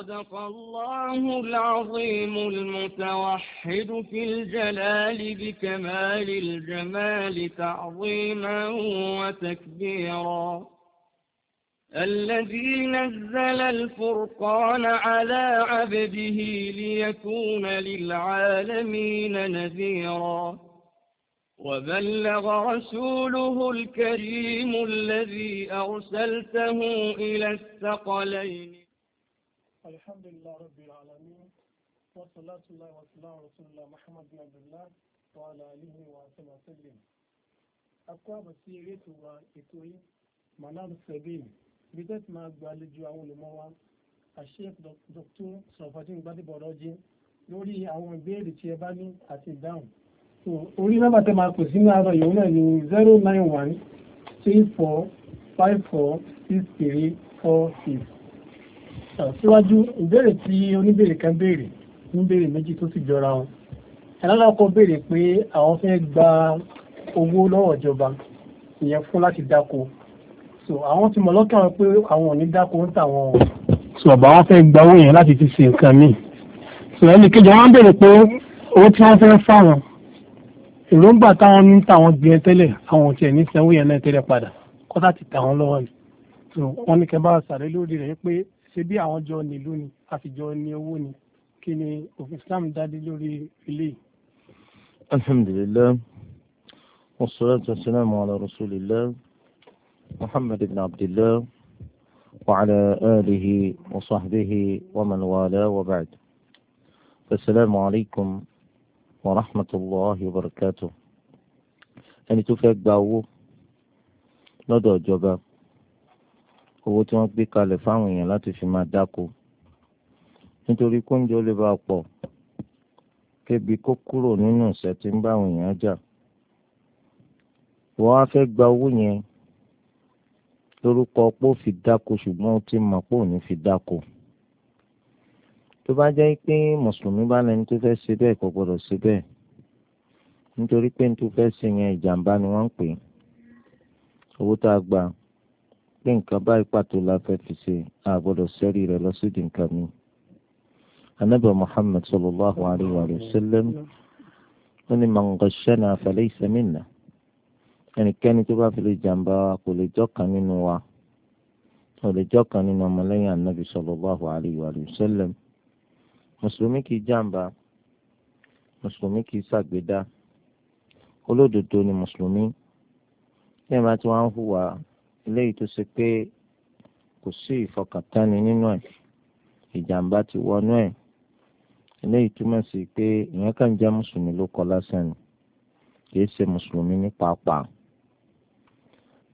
صدق الله العظيم المتوحد في الجلال بكمال الجمال تعظيما وتكبيرا الذي نزل الفرقان على عبده ليكون للعالمين نذيرا وبلغ رسوله الكريم الذي أرسلته إلى الثقلين الحمد لله رب العالمين والصلاة الله وسلام رسول الله محمد بن عبد الله وعلى آله وصحبه وسلم أقوى بسيرة وإتوي منار السبيل بدأت مع gbàlejò àwọn olùmọ̀ wa Sheikh Dr. Sọ̀fàdín Gbadébọ̀rọ̀jì lórí àwọn ìbéèrè tí ẹ bá ní àti ìdáhùn. Orí nọ́mbà tẹ́ máa pè sínú àárọ̀ yòówù náà ni zero nine one three four five four six three four six síwájú ìbéèrè tí oníbéèrè kan béèrè níbéèrè méjì tó sì jọra wọn alálàkọ́ béèrè pé àwọn fẹ́ gba owó lọ́wọ́ ìjọba ìyẹn fún láti dáko so àwọn ti mọ̀ lọ́kàn pé àwọn ò ní dáko ń tà wọn. sọ̀bà wọn fẹ́ gba owó yẹn láti fi ṣe nǹkan míì sọ̀rọ̀ ẹnì kejì wọn béèrè pé owó tí wọ́n fẹ́ fáwọn èròǹgbà táwọn ní tàwọn gbé tẹ́lẹ̀ àwọn ò tiẹ̀ ní sanwó yẹn náà tẹ́lẹ̀ padà kọ́tà ti tà wọ́n lọ́wọ́ ni so wọ́n ní kẹ́ bá sàré lórí rẹ̀ pé ṣe bí àwọn jọ nílùú ni a sì jọ ní owó ni kí ni òfin Islam dádé lórí ilé yìí. alhamdulilayi wasalaatu wasalaamu ala rasulillah muhammad ibn abdillah wa ala alihi wa sahbihi wa man wala wa ba'd asalaamu alaykum wa rahmatulahi wa barakatu. ẹni tó fẹ́ gba owó lọ́dọ̀ ìjọba. owó tí wọ́n gbé kalẹ̀ fáwọn èèyàn láti fi máa dáko nítorí kóúnjẹ ó lè bá pọ̀ kébi kó kúrò nínú ìṣẹ́ tí ń bá àwọn èèyàn jà wọ́n á fẹ́ gba owó yẹn lórúkọ pé ó fi dáko ṣùgbọ́n ó ti mọ̀ pé òun fi dáko tó bá jẹ́ pé mùsùlùmí bá lẹni tó fẹ́ ṣe bẹ́ẹ̀ kò gbọdọ̀ ṣe bẹ́ẹ̀ nítorí pé ní tó fẹ́ ṣe yẹn ìjàmbá ni wọ́n ń pè é owó tá a gbà pé nǹkan báyìí pàtó la fẹ́ fi ṣe a gbọ́dọ̀ sẹ́rí rẹ̀ lọ sídi nǹkan mi. anabi muhammed sallallahu alayhi wa sallam ó ní man ghashana falaysa minna ẹnikẹ́ni tó bá fi lè jàǹbá wa kò lè jọ́kan nínú wa kò lè jọ́kan nínú ọmọlẹ́yìn anabi sallallahu alayhi wa sallam mùsùlùmí kì í jàǹbá mùsùlùmí kì í ṣàgbéda olódodo ni mùsùlùmí tí ẹ ti wá ń hùwà eléyìí tó ṣe pé kò sí ìfọkàntánni nínú ẹ̀ ìjàmbá ti wọnú ẹ̀ eléyìí túmọ̀ sí pé ìyẹn kàn jẹ́ mùsùlùmí ló kọ lásán ni kìí ṣe mùsùlùmí ní pàápàá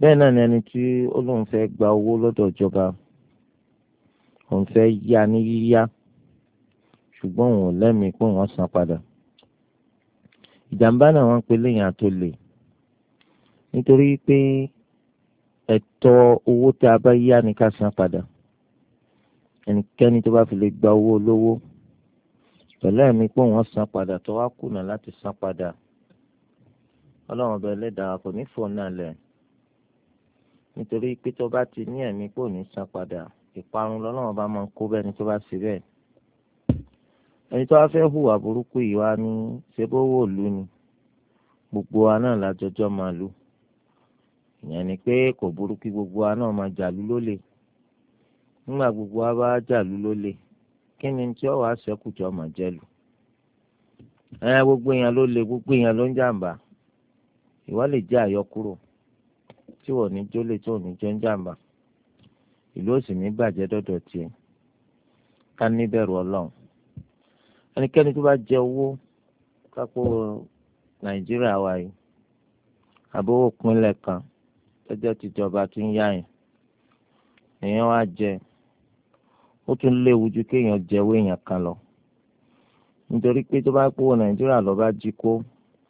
bẹ́ẹ̀ náà ni ẹni tí ó lóun fẹ́ gba owó lọ́dọ̀ ìjọba òun fẹ́ yá ní yíyá ṣùgbọ́n òun ò lẹ́mìí pé wọ́n san padà ìjàmbá náà wọ́n pe léyìn àtòlè nítorí pé ẹ̀tọ́ owó tí a bá yá ni ká san padà ẹnikẹ́ni tó bá fi lè gba owó olówó pẹ̀lú ẹ̀mí pé wọ́n san padà tó wá kùnà láti san padà ọlọ́run ọba ẹlẹ́dàá kò ní fò náà lẹ̀ nítorí pé tó bá ti ní ẹ̀mí pé ò ní san padà ìparun lọ́lọ́run ọba máa ń kó bẹ́ẹ̀ ni tó bá sí bẹ́ẹ̀ ẹni tó wá fẹ́ hùwà burúkú yìí wá ní ṣebówó ìlú ni gbogbo wa náà lájọjọ́ máa lù ìyẹn ni pé kò burú kí gbogbo wa náà máa jàlú lólè nígbà gbogbo wa bá jàlú lólè kí ni tí ọwọ́ àṣẹkù tí ọmọ jẹ lù ẹ gbogbo èèyàn ló gbogbo èèyàn ló ń jàǹbá ìwọ lè jẹ àyọkúrò tí wọn ní jólè tí wọn ní jẹ ń jàǹbá ìlú òsì bàjẹ́ dọ́dọ̀ tiẹ̀ ká owó kápò nàìjíríà wa yìí àbówó pinlẹ̀ kan tọ́jọ́ tìjọba tún yá yẹn èèyàn wá jẹ ó tún léwu ju kéèyàn jẹwé èèyàn kan lọ nítorí pé tó bá nàìjíríà lọ bá jí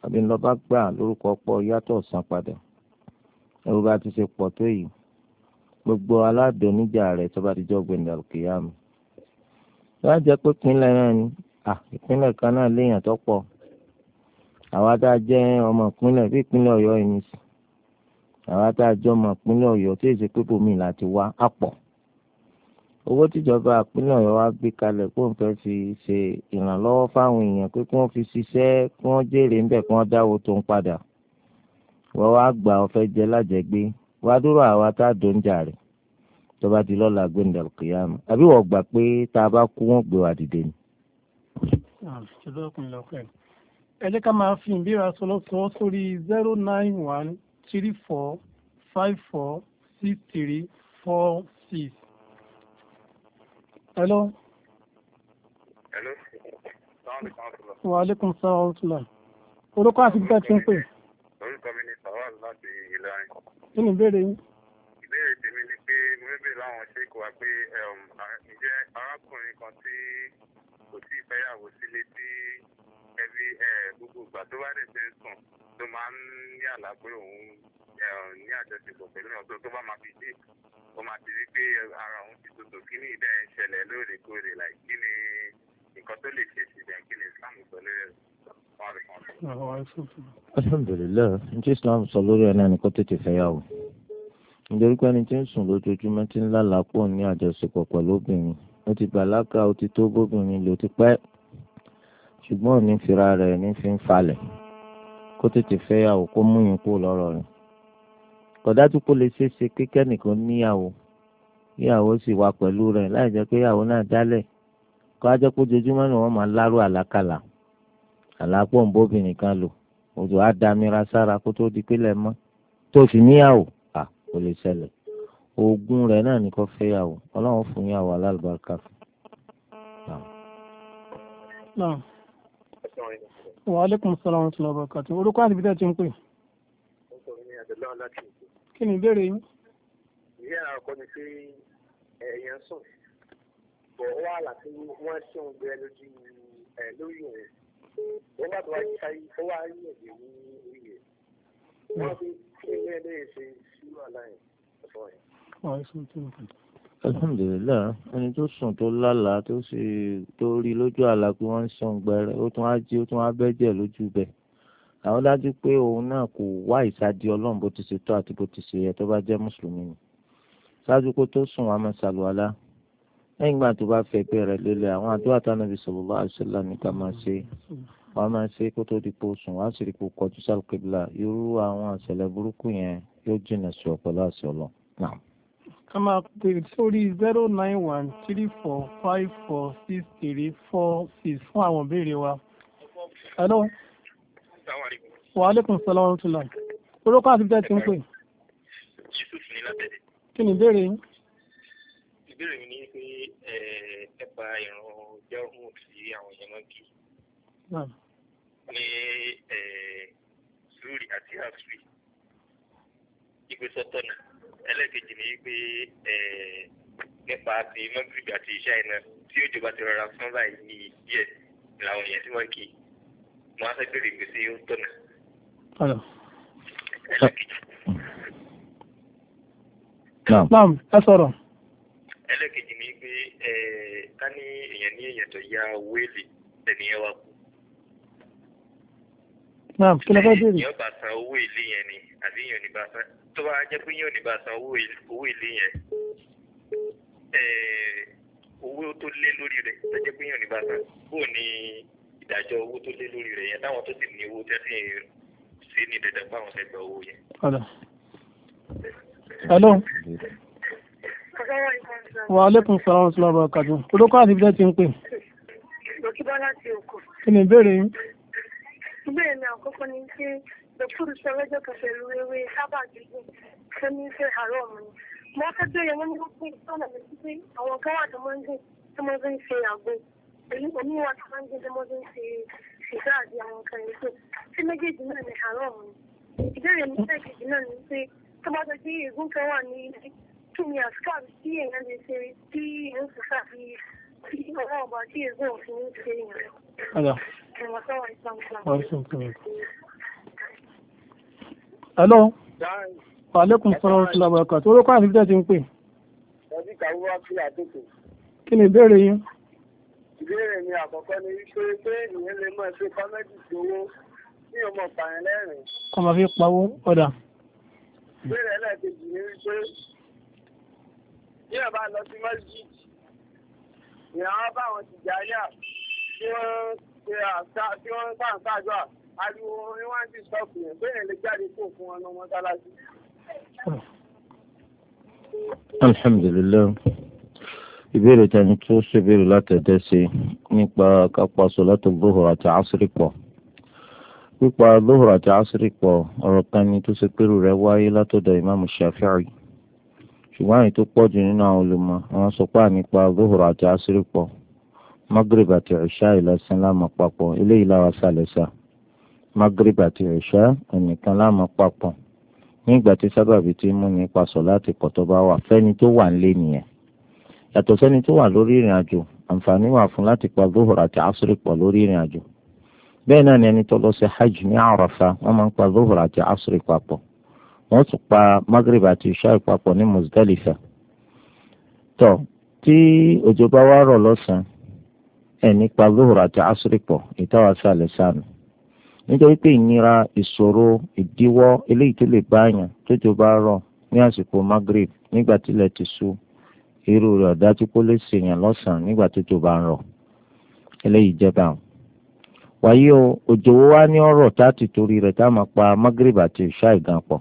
àbí lọ bá gbà lórúkọ pọ̀ yàtọ̀ san padà bá ti ṣe pọ̀ tó yìí gbogbo aládùnníjà rẹ̀ tó bá ti jọ gbẹ̀ndà wọ́n á jẹ́ pé náà ni ìpínlẹ̀ kan náà léèyàn tó pọ̀ àwa a jẹ́ ọmọ ìpínlẹ̀ bí ìpínlẹ̀ ọ̀yọ́ àwa tá a jọ mọ̀ ìpínlẹ̀ ọ̀yọ́ tí èsì pípò mi láti wá á pọ̀ owó tíjọba ìpínlẹ̀ ọ̀yọ́ wa gbé kalẹ̀ kó n fẹ́ fi ṣe ìrànlọ́wọ́ fáwọn èèyàn pé kí wọ́n fi ṣiṣẹ́ kí wọ́n jèrè ńbẹ̀ kí wọ́n dáwó tó ń padà wọ́n wá gbà ọ fẹ́ jẹ lájẹgbé wá dúró àwa tá a dò ń jà rẹ̀ tó bá di lọ́la gbẹ̀ndẹ̀ kìyàmù àbí wọ́n gbà pé tá a bá kú wọ́n gbé wa dìde ni. ṣùgbọ́n ọkùnrin lọ́kẹ́ ẹ̀ ẹ̀ three four five four six three four six. hello. hello. wa aleykum salaam wa rahmatulah. orúkọ àti bíkà ti ń pè. orúkọ mi ni sawal láti Ìlọrin. kí ni ìbéèrè yín. ìbéèrè tèmi ni pé mo ń béèrè láwọn ṣéèkì wa pé um, ǹjẹ́ arákùnrin kan tí kò sí ìfẹ́yàwó sílé tí ẹbí gbogbo ìgbà tó bá lè ṣe ń sùn tó máa ń ní àlá pé òun ní àjọṣepọ̀ pẹ̀lú ọ̀tọ̀ tó bá máa fi dé ó máa ti rí pé ara òun ti tòtò kí ni ìdá ẹ̀ ń ṣẹlẹ̀ lóòrèkóòrè láì kí ni nǹkan tó lè ṣe sí bẹ́ẹ̀ kí ni Islam sọ lórí ẹ̀ alhamdulilayi n tí Islam sọ lórí ẹ̀ náà ni kó tètè fẹ́ yàwó nítorí pé ẹni tí ń sùn lójoojúmọ́ ti ń lálàá pọ̀ ní àjọṣepọ̀ pẹ̀lú obìnrin ó ti bàlágà ó ti tó bóbìnrin lò ti pẹ́ ṣùgbọ́n òní fira rẹ̀ ní fi ń falẹ̀ kó tètè fẹ́yàwó kó múyìn kó lọ́rọ̀ rẹ̀ kọ̀dájú kó lè ṣeé ṣe pé kẹ́nìkan níyàwó ìyàwó sì wà pẹ̀lú rẹ̀ láì jẹ́ pé ìyàwó náà dálẹ̀ kó a jẹ́ pé ojoojúmọ́ ni wọ́n máa lárú àlákàlà àlápọ̀ ń bóbìnrin kan lò òjò á damira sára kó tó di pélé mọ́ tó fi níyàwó à kò lè ṣẹlẹ̀ oògùn rẹ̀ náà ni kò fẹ́yàwó ọlọ́run fún yàwó alálùbáríkà fún wa aleykum salaam wa rahmatulah barakatu orúkọ àti bíta ti ń pè. ọkọ mi àdúrà láti ìlú. kí ni ìbéèrè yín. ìyá ọkọ mi pé èèyàn sùn bọ̀ ó wà láti wọ́n ṣe ń gbẹ lójú lórí rẹ̀ ó bá tó wá ṣe ayé ó wá rí èdè ní orí rẹ̀ wọ́n fi kí ẹgbẹ́ ẹgbẹ́ ṣe sí wàhálà yẹn ọ̀sán yẹn alhamdulilayi ẹni tó sùn tó lálàá tó sì tó rí lójú àlá pé wọ́n ń sàn gbẹrẹ ó tún á jí ó tún á bẹ́jẹ̀ lójú bẹ̀ àwọn dájú pé òun náà kò wá ìsádi ọlọ́run bó ti ṣe tó àti bó ti ṣe yẹ tó bá jẹ́ mùsùlùmí ni ṣáájú kó tó sùn wá máa ṣàlùwalá lẹ́yìn ìgbà tó bá fẹ́ pé rẹ̀ àwọn àdúrà tánàbí sallallahu alaihi wasallam ní ká máa ṣe wàá máa ṣe kó tó di pò sùn wàá sì rí pò kọjú sálùkébìlà irú àwọn àṣẹlẹ̀ burúkú yẹn yóò jìnnà sí ọ̀pọ̀lọ́ àṣẹ ọlọ́run náà ká máa pè sórí zero nine one three four five four six three four six fún àwọn ìbéèrè wa. hello. wa aleykum salaam wa rahmatulah. orúkọ àti bíjá ti ń pè. yusuf ní látẹ̀dẹ̀. kí ni ìbéèrè yín. ìbéèrè mi ni pé ẹ̀ẹ́dẹ́gbà ìrún jẹ́ òun sí àwọn èèyàn náà kì í. ní zuri àti asri ìgbésẹ̀ tọ́nà ẹlẹ́ẹ̀kejì ni pé nípa ti mọ́gìrìbì àti iṣẹ́ iná tí òjòba ti rọra fún báyìí ní díẹ̀ làwọn èèyàn tí wọ́n kì í mo á fẹ́ bèrè pé ṣé ó tọ̀nà. Naam, ẹ sọ̀rọ̀. Ẹlẹ́kejì ni pé ká ní èèyàn ní èèyàn tó ya wéèlì ẹ̀nìyàn wa kú. Naam, kí ló fẹ́ bèrè? Èèyàn bá san owó ilé yẹn ni àbí èèyàn ní bá san tó bá jẹ́ pé yóò ní bá san owó ilé yẹn eh, owó tó lé lórí rẹ̀ tó jẹ́ pé yóò ní bá san bó ni ìdájọ́ owó tó lé lórí rẹ̀ yẹn táwọn tó sì ní owó tẹ́sí sí ní dandan báwọn ṣe gba owó yẹn. hello. wa aleykum salaam wa rahmatulah barakatu olóko àti ibi tẹ́ ti ń pè. lókè bá láti oko. kí ni ìbéèrè yín. ìbéèrè mi àkọ́kọ́ ni pé da furusa wajen kasar wewe haba jirgin sami sai haram ne na ka zo ya wani hukun sana da suke a wakawa da manzin ta manzin sai yago da yi wani wata manzin ta manzin sai shiga a biya mun kan yake sai na je jina ne haram ne idan ya nuna ke jina ne sai ta ma da je ya gunka wa ne tun ya suka bi ya nan da sai ti yin su sa fi fi ba ti ya zo su ne sai ya. Allah. Wa alaikum salam hello aleykum salaam wa rahmatulah barakatu orúkọ àti bíjẹ́ ti ń pè. ẹbí kàwé wá sí àtòkò. kí ni ìbéèrè yín. ìbéèrè mi àkọ́kọ́ ni wípé pé ìyẹn lè mọ̀ ṣe kọ́mẹ́dì gbowó tí yóò mọ̀ pààyàn lẹ́rìn. kọ́ máa fi pawó ọ̀dà. ìbéèrè ẹlẹ́ẹ̀kejì ni wípé bí ẹ bá lọ sí mọ́síjì ìyàwó báwọn ti jà yà tí wọ́n ń bá ń ṣáájú ariwo ni wọ́n ti sọ fún yẹn bẹ́ẹ̀ lè jáde kó fún wọn lọ́mọ dáláṣí. alhamdulillah ìbéèrè tani tó ṣèbéèrè látẹ̀tẹ̀ sí nípa kápá sọ̀látò zuhur àti asiri pọ̀ pípa zuhur àti asiri pọ̀ ọ̀rọ̀ kan ni tó ṣe pérù rẹ̀ wáyé látọ̀dọ̀ ìmáàmù shafi'i ṣùgbọ́n àyè tó pọ̀ jù nínú àwọn olùmọ̀ àwọn sọpá nípa zuhur àti asiri pọ̀ magrib àti ìṣá ìlọsìn lámà papọ̀ eléyìí láwa sálẹ̀ sáà. magrib ti ìṣá ẹnìkan láàmú papọ̀ nígbà tí sábàbí ti mú ní pasọ̀ láti pọ̀ bá wà fẹ́ni tó wà nílé nìyẹn yàtọ̀ sẹ́ni tó wà lórí ìrìn àjò àǹfààní wà fún láti pa zuhur àti asiri pọ̀ lórí ìrìn àjò bẹ́ẹ̀ náà ni ẹni tó lọ sí hajj ní àràfà wọ́n máa ń pa zuhur àti asiri papọ̀ wọ́n tún pa magrib àti ìṣá ní muzdalifa tọ́ tí nítorí pé ìnira ìṣòro ìdíwọ́ eléyìí tó lè bá tó tójò bá rọ̀ ní àsìkò magreth nígbà tílẹ̀ ti ṣú irú rẹ̀ ọ̀dájú kó lè ṣèyàn lọ́sàn-án bá ń eléyìí jẹba wàyí o òjò wa wá ní ọ̀rọ̀ tá a ti torí pa magreth àti ìṣá ìgan pọ̀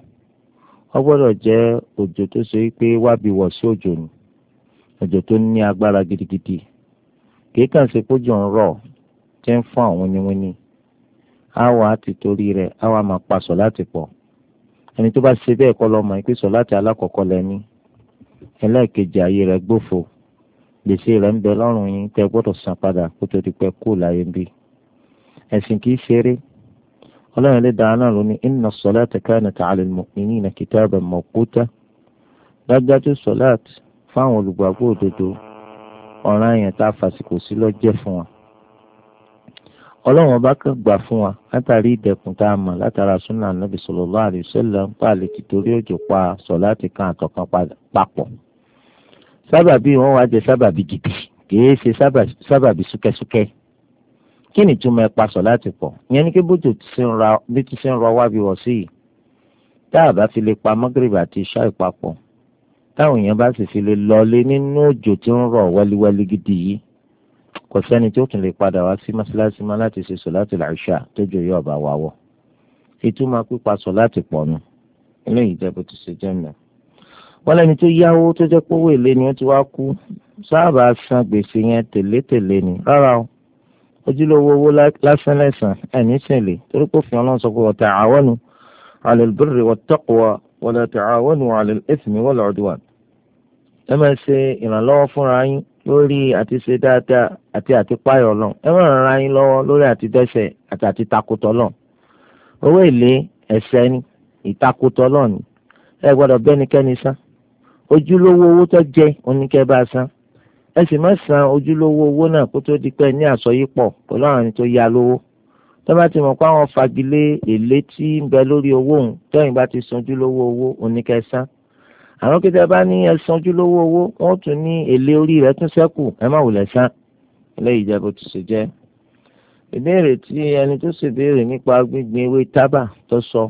ọ gbọ́dọ̀ jẹ́ òjò tó ṣe pé wábi wọ̀ sí òjò ni òjò tó ní gidigidi kì í kàn ṣe kójò ń rọ̀ tí ń awa àti torí awa àwa máa pa sọ láti pọ̀ ẹni tó bá ṣe bẹ́ẹ̀ kọ́ lọ́mọ ìpè sọ láti alákọ̀ọ́kọ́ lẹ́ni ẹlẹ́ẹ̀kejì ayé rẹ̀ gbófo gbèsè ń bẹ lọ́rùn yín gbọ́dọ̀ san padà kó tó di pẹ́ kú láyé bí ẹ̀sìn ọlọ́run lè náà inna salata kainata ala al-mu'minina kitaban mawquta dájúdájú sọ̀láàtì fáwọn olùgbàgbọ́ òdodo ọ̀ràn yẹn ọlọ́run ọba kan gbà fún wa látàrí ìdẹ̀kùn tá a mọ̀ látara súnà nàbì sallallahu alaihi ń pa lè ti torí òjò pa sọ̀láàtì kan àtọ̀kan papọ̀ sábàbí wọn wá jẹ sábàbí gidi kìí ṣe sábàbí súkẹ́súkẹ́ kí ni túmọ̀ ẹ pa sọ̀láàtì pọ̀ ìyẹn ni kí bójú bí ti ṣe ń rọ wá bí wọ̀ sí yìí tá a bá fi lè pa mọ́gìrìbì àti iṣá ìpapọ̀ táwọn èèyàn bá sì fi lè lọlé nínú òjò tí ń rọ̀ wẹ́líwẹ́lí gidi yìí kò sẹ́ni tó tún lè padà wá sí mọ́ṣáláṣí má láti ṣe sọ̀láàtì làṣà tójú yóò bá wa wọ̀ ìtumọ̀ pípa sọ̀láàtì pọ̀ nù eléyìí jẹ́ bó ti ṣe jẹ́ mọ́ wọ́n lẹ́ni tó yáwó tó jẹ́ pówó èlé ni ó ti wá kú sáàbà san gbèsè yẹn tèlétèlé ni rárá o ojúlówó owó lásán lẹ́sàn ẹ̀ní sẹ̀lẹ̀ torí pé òfin ọlọ́run sọ pé wa ta'awanu 'ala al-birri wat-taqwa wa la ta'awanu 'ala al-ithmi wal-'udwan ẹ máa ṣe ìrànlọ́wọ́ fúnra yín lórí àti ṣe dáadáa àti àti páyọ̀ lọ ẹ wọ́n ràn ara yín lọ́wọ́ lórí àti dẹ́ṣẹ̀ àti àti takotọ́ lọ. owó èlé ẹ̀ṣẹ̀ ni ìtakotọ́ lọ ni ẹ gbọ́dọ̀ bẹ́nikẹ́ni san ojúlówó owó tó jẹ́ oníkẹ́ bá san ẹ sì má san ojúlówó owó náà kó tó di pé ní àsọyípọ̀ pẹ̀lú àwọn ẹni tó yá lówó tó bá ti mọ̀ pé àwọn fagilé èlé tí ń bẹ lórí owó òun tẹ́yìn bá ti san ojúlówó owó oníkẹ́ san àwọn kí tẹ bá ní ẹsan ojúlówó owó wọn tún ní èlé orí rẹ tún ṣẹ́kù ẹ má wulẹ̀ san eléyìí jẹ́ bó ti ṣe jẹ́ ìbéèrè tí ẹni tó sì béèrè nípa gbígbin ewé tábà tó sọ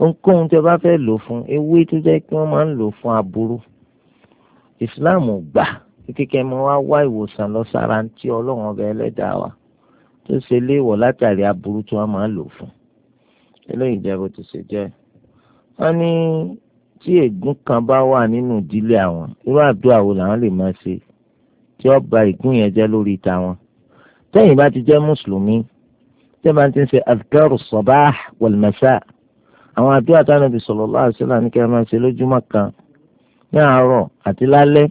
ohunkóhun tẹ bá fẹ́ lò fún ewé tó jẹ́ kí wọ́n máa ń lò fún aburú ìsìláàmù gbà kíkẹ́ mọ́ wá wá ìwòsàn lọ sára ń tí ọlọ́run ọba ẹlẹ́dàá wa tó ṣe léèwọ̀ látàrí aburú tí wọ́n máa ń lò fún eléyìí jẹ́ bó ṣe jẹ́ wọ́n ní tí ègún kan bá wà nínú ìdílé àwọn irú àdúrà wo làwọn lè máa ṣe tí ó bà ìgún yẹn jẹ́ lórí tàwọn. tẹ́yìn bá ti jẹ́ mùsùlùmí tẹ́ bá ti ń ṣe adhkaru sabah wal masa àwọn àdúrà táwọn ibi sallallahu alaihi wasallam ní kí a máa ṣe lójúmọ́ kan ní àárọ̀ àti lálẹ́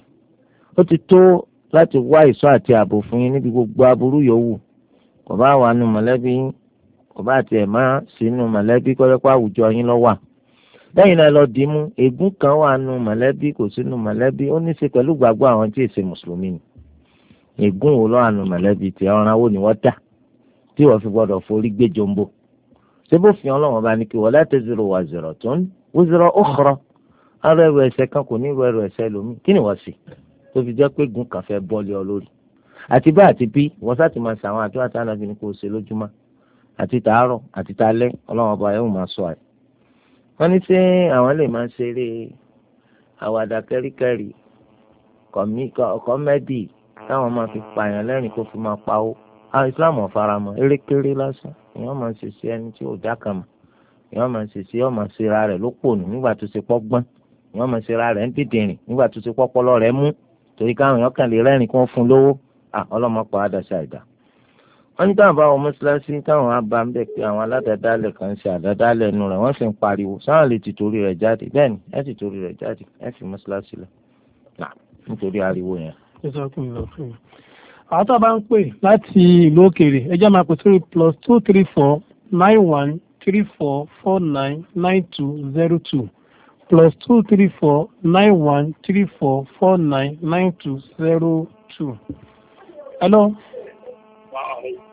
ó ti tó láti wá ìṣọ́ àti ààbò fún yín níbi gbogbo aburú yòówù kò bá wà nù mọ̀lẹ́bí kò bá tiẹ̀ má sínú mọ̀lẹ́bí kọ́lẹ́pọ̀ àwùjọ yín lọ́wọ́ lẹ́yìn náà lọ dìímú ègún kan wà nù mọ̀lẹ́bí kò sínú mọ̀lẹ́bí ó ní í ṣe pẹ̀lú gbàgbọ́ àwọn tí èsè mùsùlùmí ni ègún wo lọ́wọ́ nù mọ̀lẹ́bí tí ọ̀ràn wo ni wọ́n dà tí wọ́n fi gbọ́dọ̀ forí gbé jombo ṣé bó fi ọlọ́wọ́n bá ní kí wọ́n láti zero wà zero tó ń wúzọrọ ó xọrọ ara ẹrù ẹ̀ṣẹ̀ kan kò ní ẹrù ẹ̀ṣẹ̀ lómi kí ni wọ́n sì tó fi jẹ́ pé gun kàfẹ́ bọ́ọ̀lì ọlórí àti bá àti bí wọ́n sá ti máa ṣàwọn àti wàtí ànábì ni kò ṣe lójúmọ́ àti tàárọ̀ àti talẹ́ ọlọ́wọ́n bá yóò máa sọ àyè wọ́n ní ṣé àwọn lè máa ṣeré àwàdà kẹ́ríkẹ́rí kọ́mẹ́dì táwọn máa fi pààyàn lẹ́rìn kó fi máa pawó àwọn Islam ọ̀faramọ́ erékeré lásán èèyàn máa ṣe sí ẹni tí ò dákàmọ́ èèyàn máa ṣe sí ọmọ síra rẹ̀ lópònú nígbà tó ṣe pọ́ gbọ́n èèyàn máa síra rẹ̀ ń dìdìrìn nígbà tó ṣe pọ́pọ́lọ́ rẹ̀ mú torí káwọn èèyàn kàn lè rẹ́rìn kí fún lówó ọlọ́mọ pa á wọ́n ní táwọn àbáwọn mọ́ṣáláṣí táwọn àbá ń bẹ̀ pé àwọn aládàádálẹ̀ kan ń ṣe àdádálẹ̀ ẹnu rẹ̀ wọ́n sì ń pariwo sáwọn lè ti torí rẹ̀ jáde bẹ́ẹ̀ ni ẹ ti torí rẹ̀ jáde ẹ fi mọ́ṣáláṣí lọ nítorí ariwo yẹn. àwọn tó bá ń pè láti ìlú òkèèrè ẹjọ́ máa pè sórí plus two three four nine one three four four nine nine two zero two plus two three four nine one three four four nine nine two zero two. hello.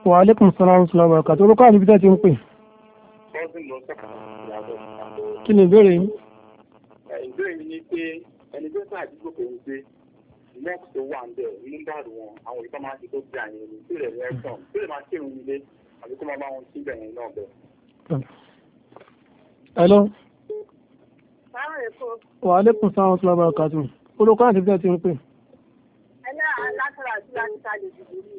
Wa alaikum salaam salaam ọ̀kà tó lókọ́ àdúgbò tí ń pè. Kí ni ìbéèrè yín? Ìbéèrè mi ni pé ẹni tó sáà àdúgbò pé ń gbé mọ́ọ̀kì tó wà ń bẹ̀ nígbàdùn wọn àwọn ìtọ́ máa ti tó bí àyè ní tí rẹ̀ lẹ́sàn tí rẹ̀ máa kírun ilé àbí kó máa bá wọn síbẹ̀ yẹn náà bẹ̀. Hello. Wa alaikum salaam salaam ọ̀kà tó. Olùkọ́ àdúgbò tí ń pè. Ẹlẹ́ àlátọ́ra sí láti ta lè dìbò ní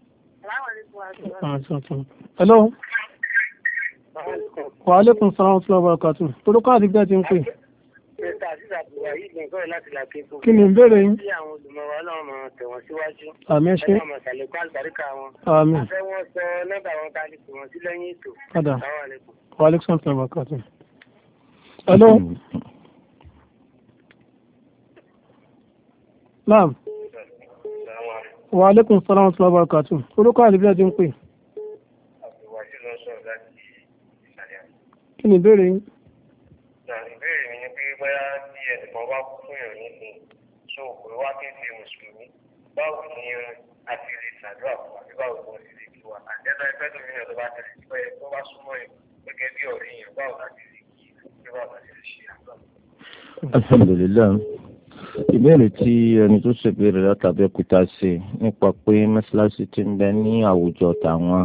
Ah, hello. wa aleykum salaam wa rahmatulah wa barakatu toroko àti gbẹ́ ti ń pè. kí ni ìbéèrè yín. àmì ẹ ṣe. àmì. padà wa salaam wa barakatu. hello. naam wa aleykum salaam wa rahmatulah barakatu orúkọ àlejò ń pè. kí ni ìbéèrè yín. ìbéèrè mi ni pé bóyá bí ẹnìkan bá kú fún yàn nísìnyí tó o wá kí n ṣe mùsùlùmí báwo ni a ti lè ṣàdúrà fún àbí báwo ni wọ́n ti lè kí wa àjẹsà ẹgbẹ́ tó ní ọ̀dọ́ bá tẹ̀lé pé tó bá súnmọ́ yẹn gẹ́gẹ́ bí ọ̀rẹ́ yẹn báwo la ti lè kí báwo la ti lè ṣe àdúrà. alhamdulilayi ìbéèrè tí ẹni tó ṣèbéèrè látàbí òkúta ṣe nípa pé mọ́ṣáláṣí ti ń bẹ ní àwùjọ tàwọn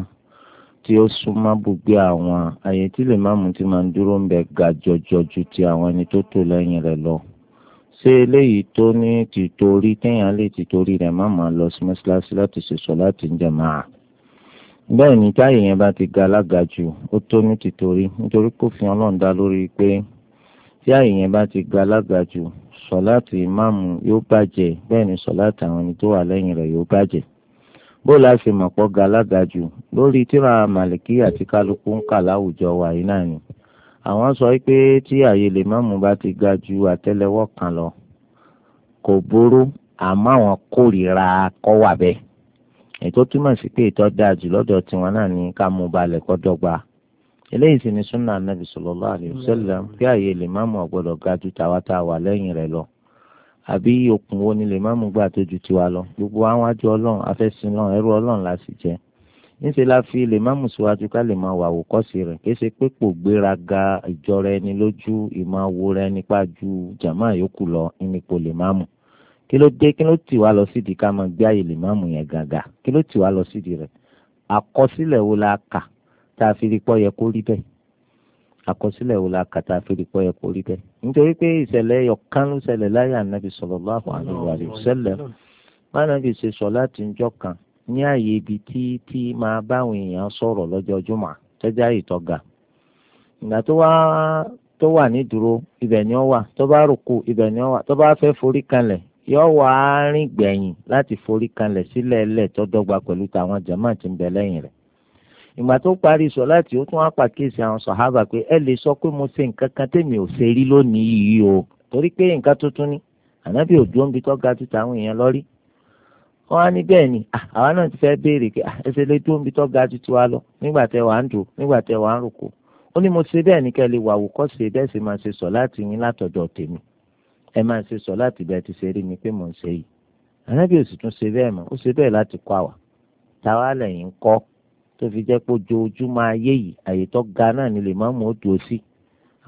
tí ó súnmọ́ gbogbo àwọn àyè tí lè máàmù ti máa ń dúró ń bẹ ga jọjọ ju ti àwọn ẹni tó tò lẹ́yìn rẹ̀ lọ ṣé eléyìí tó ní tìtorí téèyàn lè tìtorí rẹ̀ má máa lọ sí mọ́ṣáláṣí láti ṣèṣọ láti ń jàmáà bẹ́ẹ̀ ni táyì yẹn bá ti ga alága jù ó tó ní tìtorí nítorí kófin ọlọ́run dá lórí pé tí àyè yẹn bá ti ga alága sọ̀láàtì ìmáàmù yóò bàjẹ́ bẹ́ẹ̀ ni sọ̀láàtì àwọn ẹni tó wà lẹ́yìn rẹ̀ yóò bàjẹ́ bóòlù àfimọ̀pọ̀ ga alága lórí tíra màlìkí àti kálukú ń kà láwùjọ wa yìí náà ni àwọn sọ pé tí àyè lè máàmù bá ti ga ju àtẹ́lẹwọ́ kan lọ kò burú àmọ́ àwọn kórìíra kọ́ wà bẹ́ẹ̀ ètò túmọ̀ sí pé ìtọ́ dáa tiwọn náà ní ká mú balẹ̀ kọ́ dọ́gba eléyìí sì ni súnà anabi sallallahu alayhi wa sallam kí mm. ààyè lèmáàmù ọ̀gbọ́dọ̀ ga ju tàwa tá a wà lẹ́yìn rẹ̀ lọ àbí okùn wo ni lèmáàmù gbà tó ju tiwa lọ gbogbo àwọn àjọ ọlọ́run afẹ́sìn náà ẹrú ọlọ́run la sì jẹ́ níṣẹ́ la fi lèmáàmù síwájú ká lè máa wà àwòkọ́sí rẹ̀ kí ṣe pé kò gbéraga ìjọra ẹni lójú ìmọ̀-wo rẹ̀ nípa ju jàmáà yòókù lọ nípò lèmáàmù kí ló dé kí ló tì wá lọ sídìí ká máa gbé àyè lèmáàmù yẹn gàgà kí ló tì wá lọ sídìí rẹ̀ àkọsílẹ̀ wo la kà tá a fi rí pọ́ yẹ kó rí bẹ́ẹ̀ àkọsílẹ̀ wo la kà tá a fi rí pọ́ yẹ kó rí bẹ́ẹ̀ nítorí pé ìṣẹ̀lẹ̀ sọ láti njọ kan ní àyè ibi tí tí máa èèyàn sọ̀rọ̀ lọ́jọ́ jùmọ̀ ìtọ́ga ìgbà tó wà ní dúró ni ó wà tó bá rùkù ibẹ̀ ni ó wà tó bá fẹ́ forí kanlẹ̀ yóò wá rìn gbẹ̀yìn láti forí kanlẹ̀ sílẹ̀ tàwọn tí ń bẹ ìgbà tó parí sọ láti ó tún á pàkíyèsí àwọn sọ̀hábà pé ẹ lè sọ pé mo ṣe nǹkan kan tèmi ò ṣe rí lónìí yìí o torí pé nǹkan tuntun ni ànábì òjò ń bi tó ga títa àwọn èèyàn lọ rí wọn á ní bẹ́ẹ̀ ni àwa náà ti fẹ́ béèrè pé ẹsẹ̀ lè tó ń bi tó ga tuntun wa lọ nígbà tẹ wàá ń dùn nígbà tẹ wàá ń rùkù ó ní mo ṣe bẹ́ẹ̀ ní kẹ́lẹ́ wà wò kọ́ ṣe bẹ́ẹ̀ sì máa ṣe sọ láti yín látọ̀dọ̀ tèmi ẹ máa ṣe sọ láti bẹ́ẹ̀ ti ṣe rí mi pé mò ń ṣe yìí ànábì òsì tún ṣe bẹ́ẹ̀ mọ́ ó ṣe bẹ́ẹ̀ láti kọ́ àwà táwa lẹ́yìn kọ́ tó fi jẹ́ pé ojoojúmọ́ ayé yìí àyè tó ga náà ni lè má mú òtù sí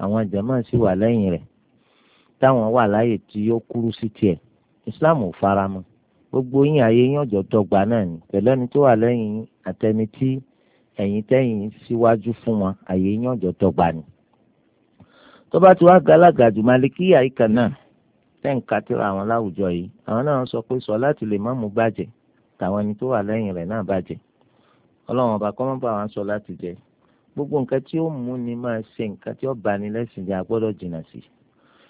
àwọn jàmá sì wà lẹ́yìn rẹ̀ táwọn wà láyè tí ó kúrú sí tiẹ̀ Islam ò fara mọ́ gbogbo yín ayé yín ọ̀jọ̀ dọ́gba náà ni pẹ̀lú ẹni tó wà lẹ́yìn àtẹni tí ẹ̀yìn tẹ́yìn síwájú fún wọn ayé yín ọ̀jọ̀ dọ́gba ni tó bá ti wá galaga jù malikiya ìkà náà tẹ́ǹka tíra àwọn láwùjọ yìí àwọn náà sọ pé sọ láti lè má mú bàjẹ́ tàwọn ẹni tó wà lẹ́yìn rẹ̀ náà bàjẹ́ ọlọ́run ọba kọ́ mọ́ bá wọn sọ láti jẹ gbogbo nǹkan tí ó mú ni máa ṣe nǹkan tí ó bá ní lẹ́sìn jẹ́ agbọ́dọ̀ jìnnà sí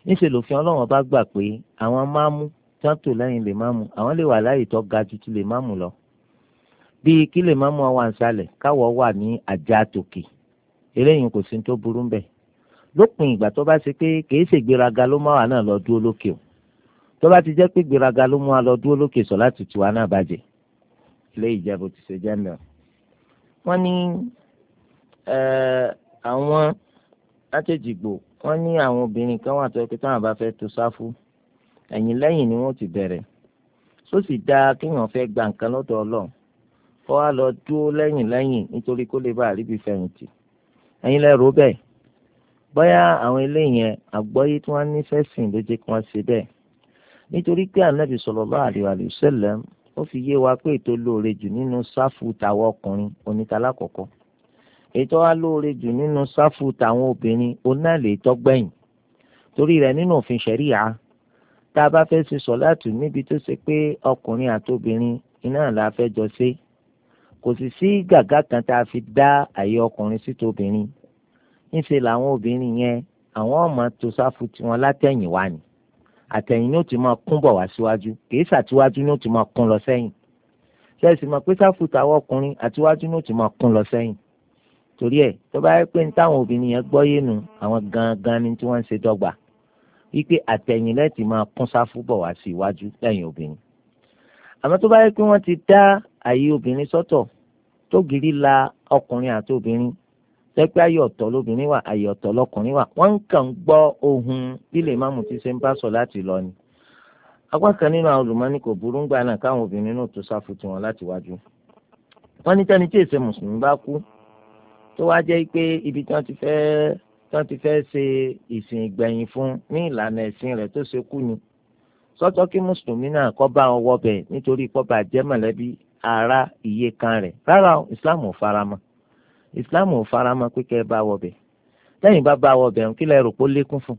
níṣẹ́ lòfin ọlọ́run ọba gbà pé àwọn máàmú tọ́tò lẹ́yìn lè máàmú àwọn lè wà láàyè tó ga ju ti lè máàmú lọ bíi kí lè máàmú wa wà nísàlẹ̀ káwọ̀ wà ní àjà tòkè eléyìí kò sí tó burú bẹ́ẹ̀ lópin ìgbà tó bá ṣe pé kìí ṣe gbéraga ló máa wà náà lọ dúró lókè o tó bá ti jẹ́ pé gbéraga ló máa lọ dúró lókè sọ láti tù wá náà bàjẹ́ eléyìí jẹ́ bó ti ṣe jẹ́ náà wọ́n ní eh, àwọn àtẹ̀jìgbò wọ́n ní àwọn obìnrin kan wà tó yẹ pé táwọn bá fẹ́ tó sáfù ẹ̀yìn lẹ́yìn ni wọ́n ti bẹ̀rẹ̀ só sì dáa kéèyàn fẹ́ gba nǹkan lọ́dọ̀ ọlọ́run kó wá lọ dúró lẹ́yìn lẹ́yìn nítorí kó lè bá àríbi fẹ̀yìntì ẹ̀yin lẹ́rù bẹ́ẹ̀ bóyá àwọn eléyẹn àgbọ́yé tí wọ́n ní fẹ́ sìn ló kí wọ́n ṣe bẹ́ẹ̀ nítorí pé ànábì sallallahu alaihi wa sallam ó fi yé wa pé ètò lóore jù nínú sáfù tàwọn ọkùnrin onítàlá kọ̀kọ́ ètò wa lóore jù nínú sáfù tàwọn obìnrin onáàlè tọ́gbẹ̀yìn torí rẹ̀ nínú òfin ṣẹ̀ríyà tá a bá fẹ́ ṣe sọ̀láàtù níbi tó ṣe pé ọkùnrin àtobìnrin iná là á fẹ́ jọ ṣe kò sì sí gàgá kan tá a fi dá àyè ọkùnrin sí tobìnrin ńṣe làwọn obìnrin yẹn àwọn ọmọ tó sáfù tiwọn látẹ̀yìn wá ni àtẹ̀yìn ni ó ti máa kún bọ̀ wá síwájú kìí ṣàtiwájú ni ó ti máa kún lọ sẹ́yìn ṣẹ́ẹ̀sì mọ̀ pé sáfù táwọn ọkùnrin àtiwájú ni ó ti máa kún lọ sẹ́yìn torí ẹ̀ tó bá yẹ pé ní táwọn obìnrin yẹn gbọ́ yénu àwọn gangan ni tí wọ́n ń ṣe dọ́gba wípé àtẹ̀yìn lẹ́ẹ̀tì máa kún sáfù bọ̀ wá sí lẹ́yìn obìnrin àmọ́ tó bá yẹ pé wọ́n ti dá àyè obìnrin sọ́tọ̀ tó gírí la ọkùnrin àti obìnrin sẹ́pẹ́ ayé ọ̀tọ̀ lóbìnrin wà ayé ọ̀tọ̀ lọkùnrin wà wọ́n kàn gbọ́ ohun bí lè máàmù ti ṣe ń bá sọ láti lọ ni. apá kan nínú àwọn olùmọ́ni kò burú ń náà káwọn obìnrin náà tó sáfù tiwọn láti wájú. wọ́n ní tẹ́ni tí èsè mùsùlùmí bá kú tó wá jẹ́ pé ibi tí wọ́n ti fẹ́ tí wọ́n ti fẹ́ ṣe ìsìn ìgbẹ̀yìn fún ní ìlànà ẹ̀sìn rẹ̀ tó ṣe ni sọ́tọ́ kí mùsùlùmí náà kọ́ ara kan Islam ò islam ò fara mọ́ pé kẹ́ ẹ bá wọbẹ̀ lẹ́yìn bá bá wọbẹ̀ kí lẹ́ rò pé ó lékún fún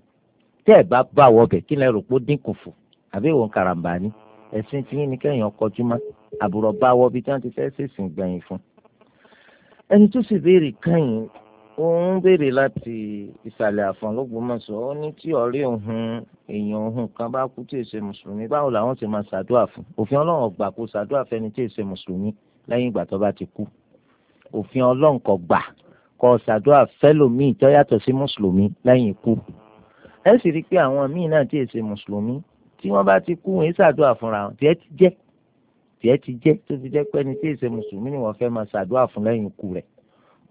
tẹ́ ẹ bá bá wọbẹ̀ kí lẹ́ rò pé ó dínkù fún àbí ìwọ̀n karambà ni ẹ̀sìn tí yín ni kẹ́yìn ọkọjú mọ́ àbúrò bá wọ bí tí wọ́n ti fẹ́ ṣèṣìn gbẹ̀yìn fún. ẹni tó sì béèrè kẹ́yìn òun béèrè láti ìsàlẹ̀ àfọ̀n lọ́gbọ́mọ̀sọ ó ní tí ọ̀rẹ́ òun èèyàn òun kan bá kú tí èsè mùsùlùmí báwo làwọn ti máa ṣàdúà fún òfin ọlọ́run ọgbà kó ṣàdúà fẹ́ni tí èsè mùsùlùmí lẹ́yìn ìgbà tó bá ti kú òfin ọlọ́run kò gbà kó ṣàdúrà fẹ́lòmíì tó yàtọ̀ sí mùsùlùmí lẹ́yìn ikú ẹ sì rí i pé àwọn míì náà tí èsè mùsùlùmí tí wọ́n bá ti kú wọn ṣàdúrà fúnra wọn tiẹ̀ ti jẹ́ tiẹ̀ ti jẹ́ tó fi jẹ́ pé ẹni tí èsè mùsùlùmí ni wọ́n fẹ́ máa ṣàdúrà fún lẹ́yìn ikú rẹ̀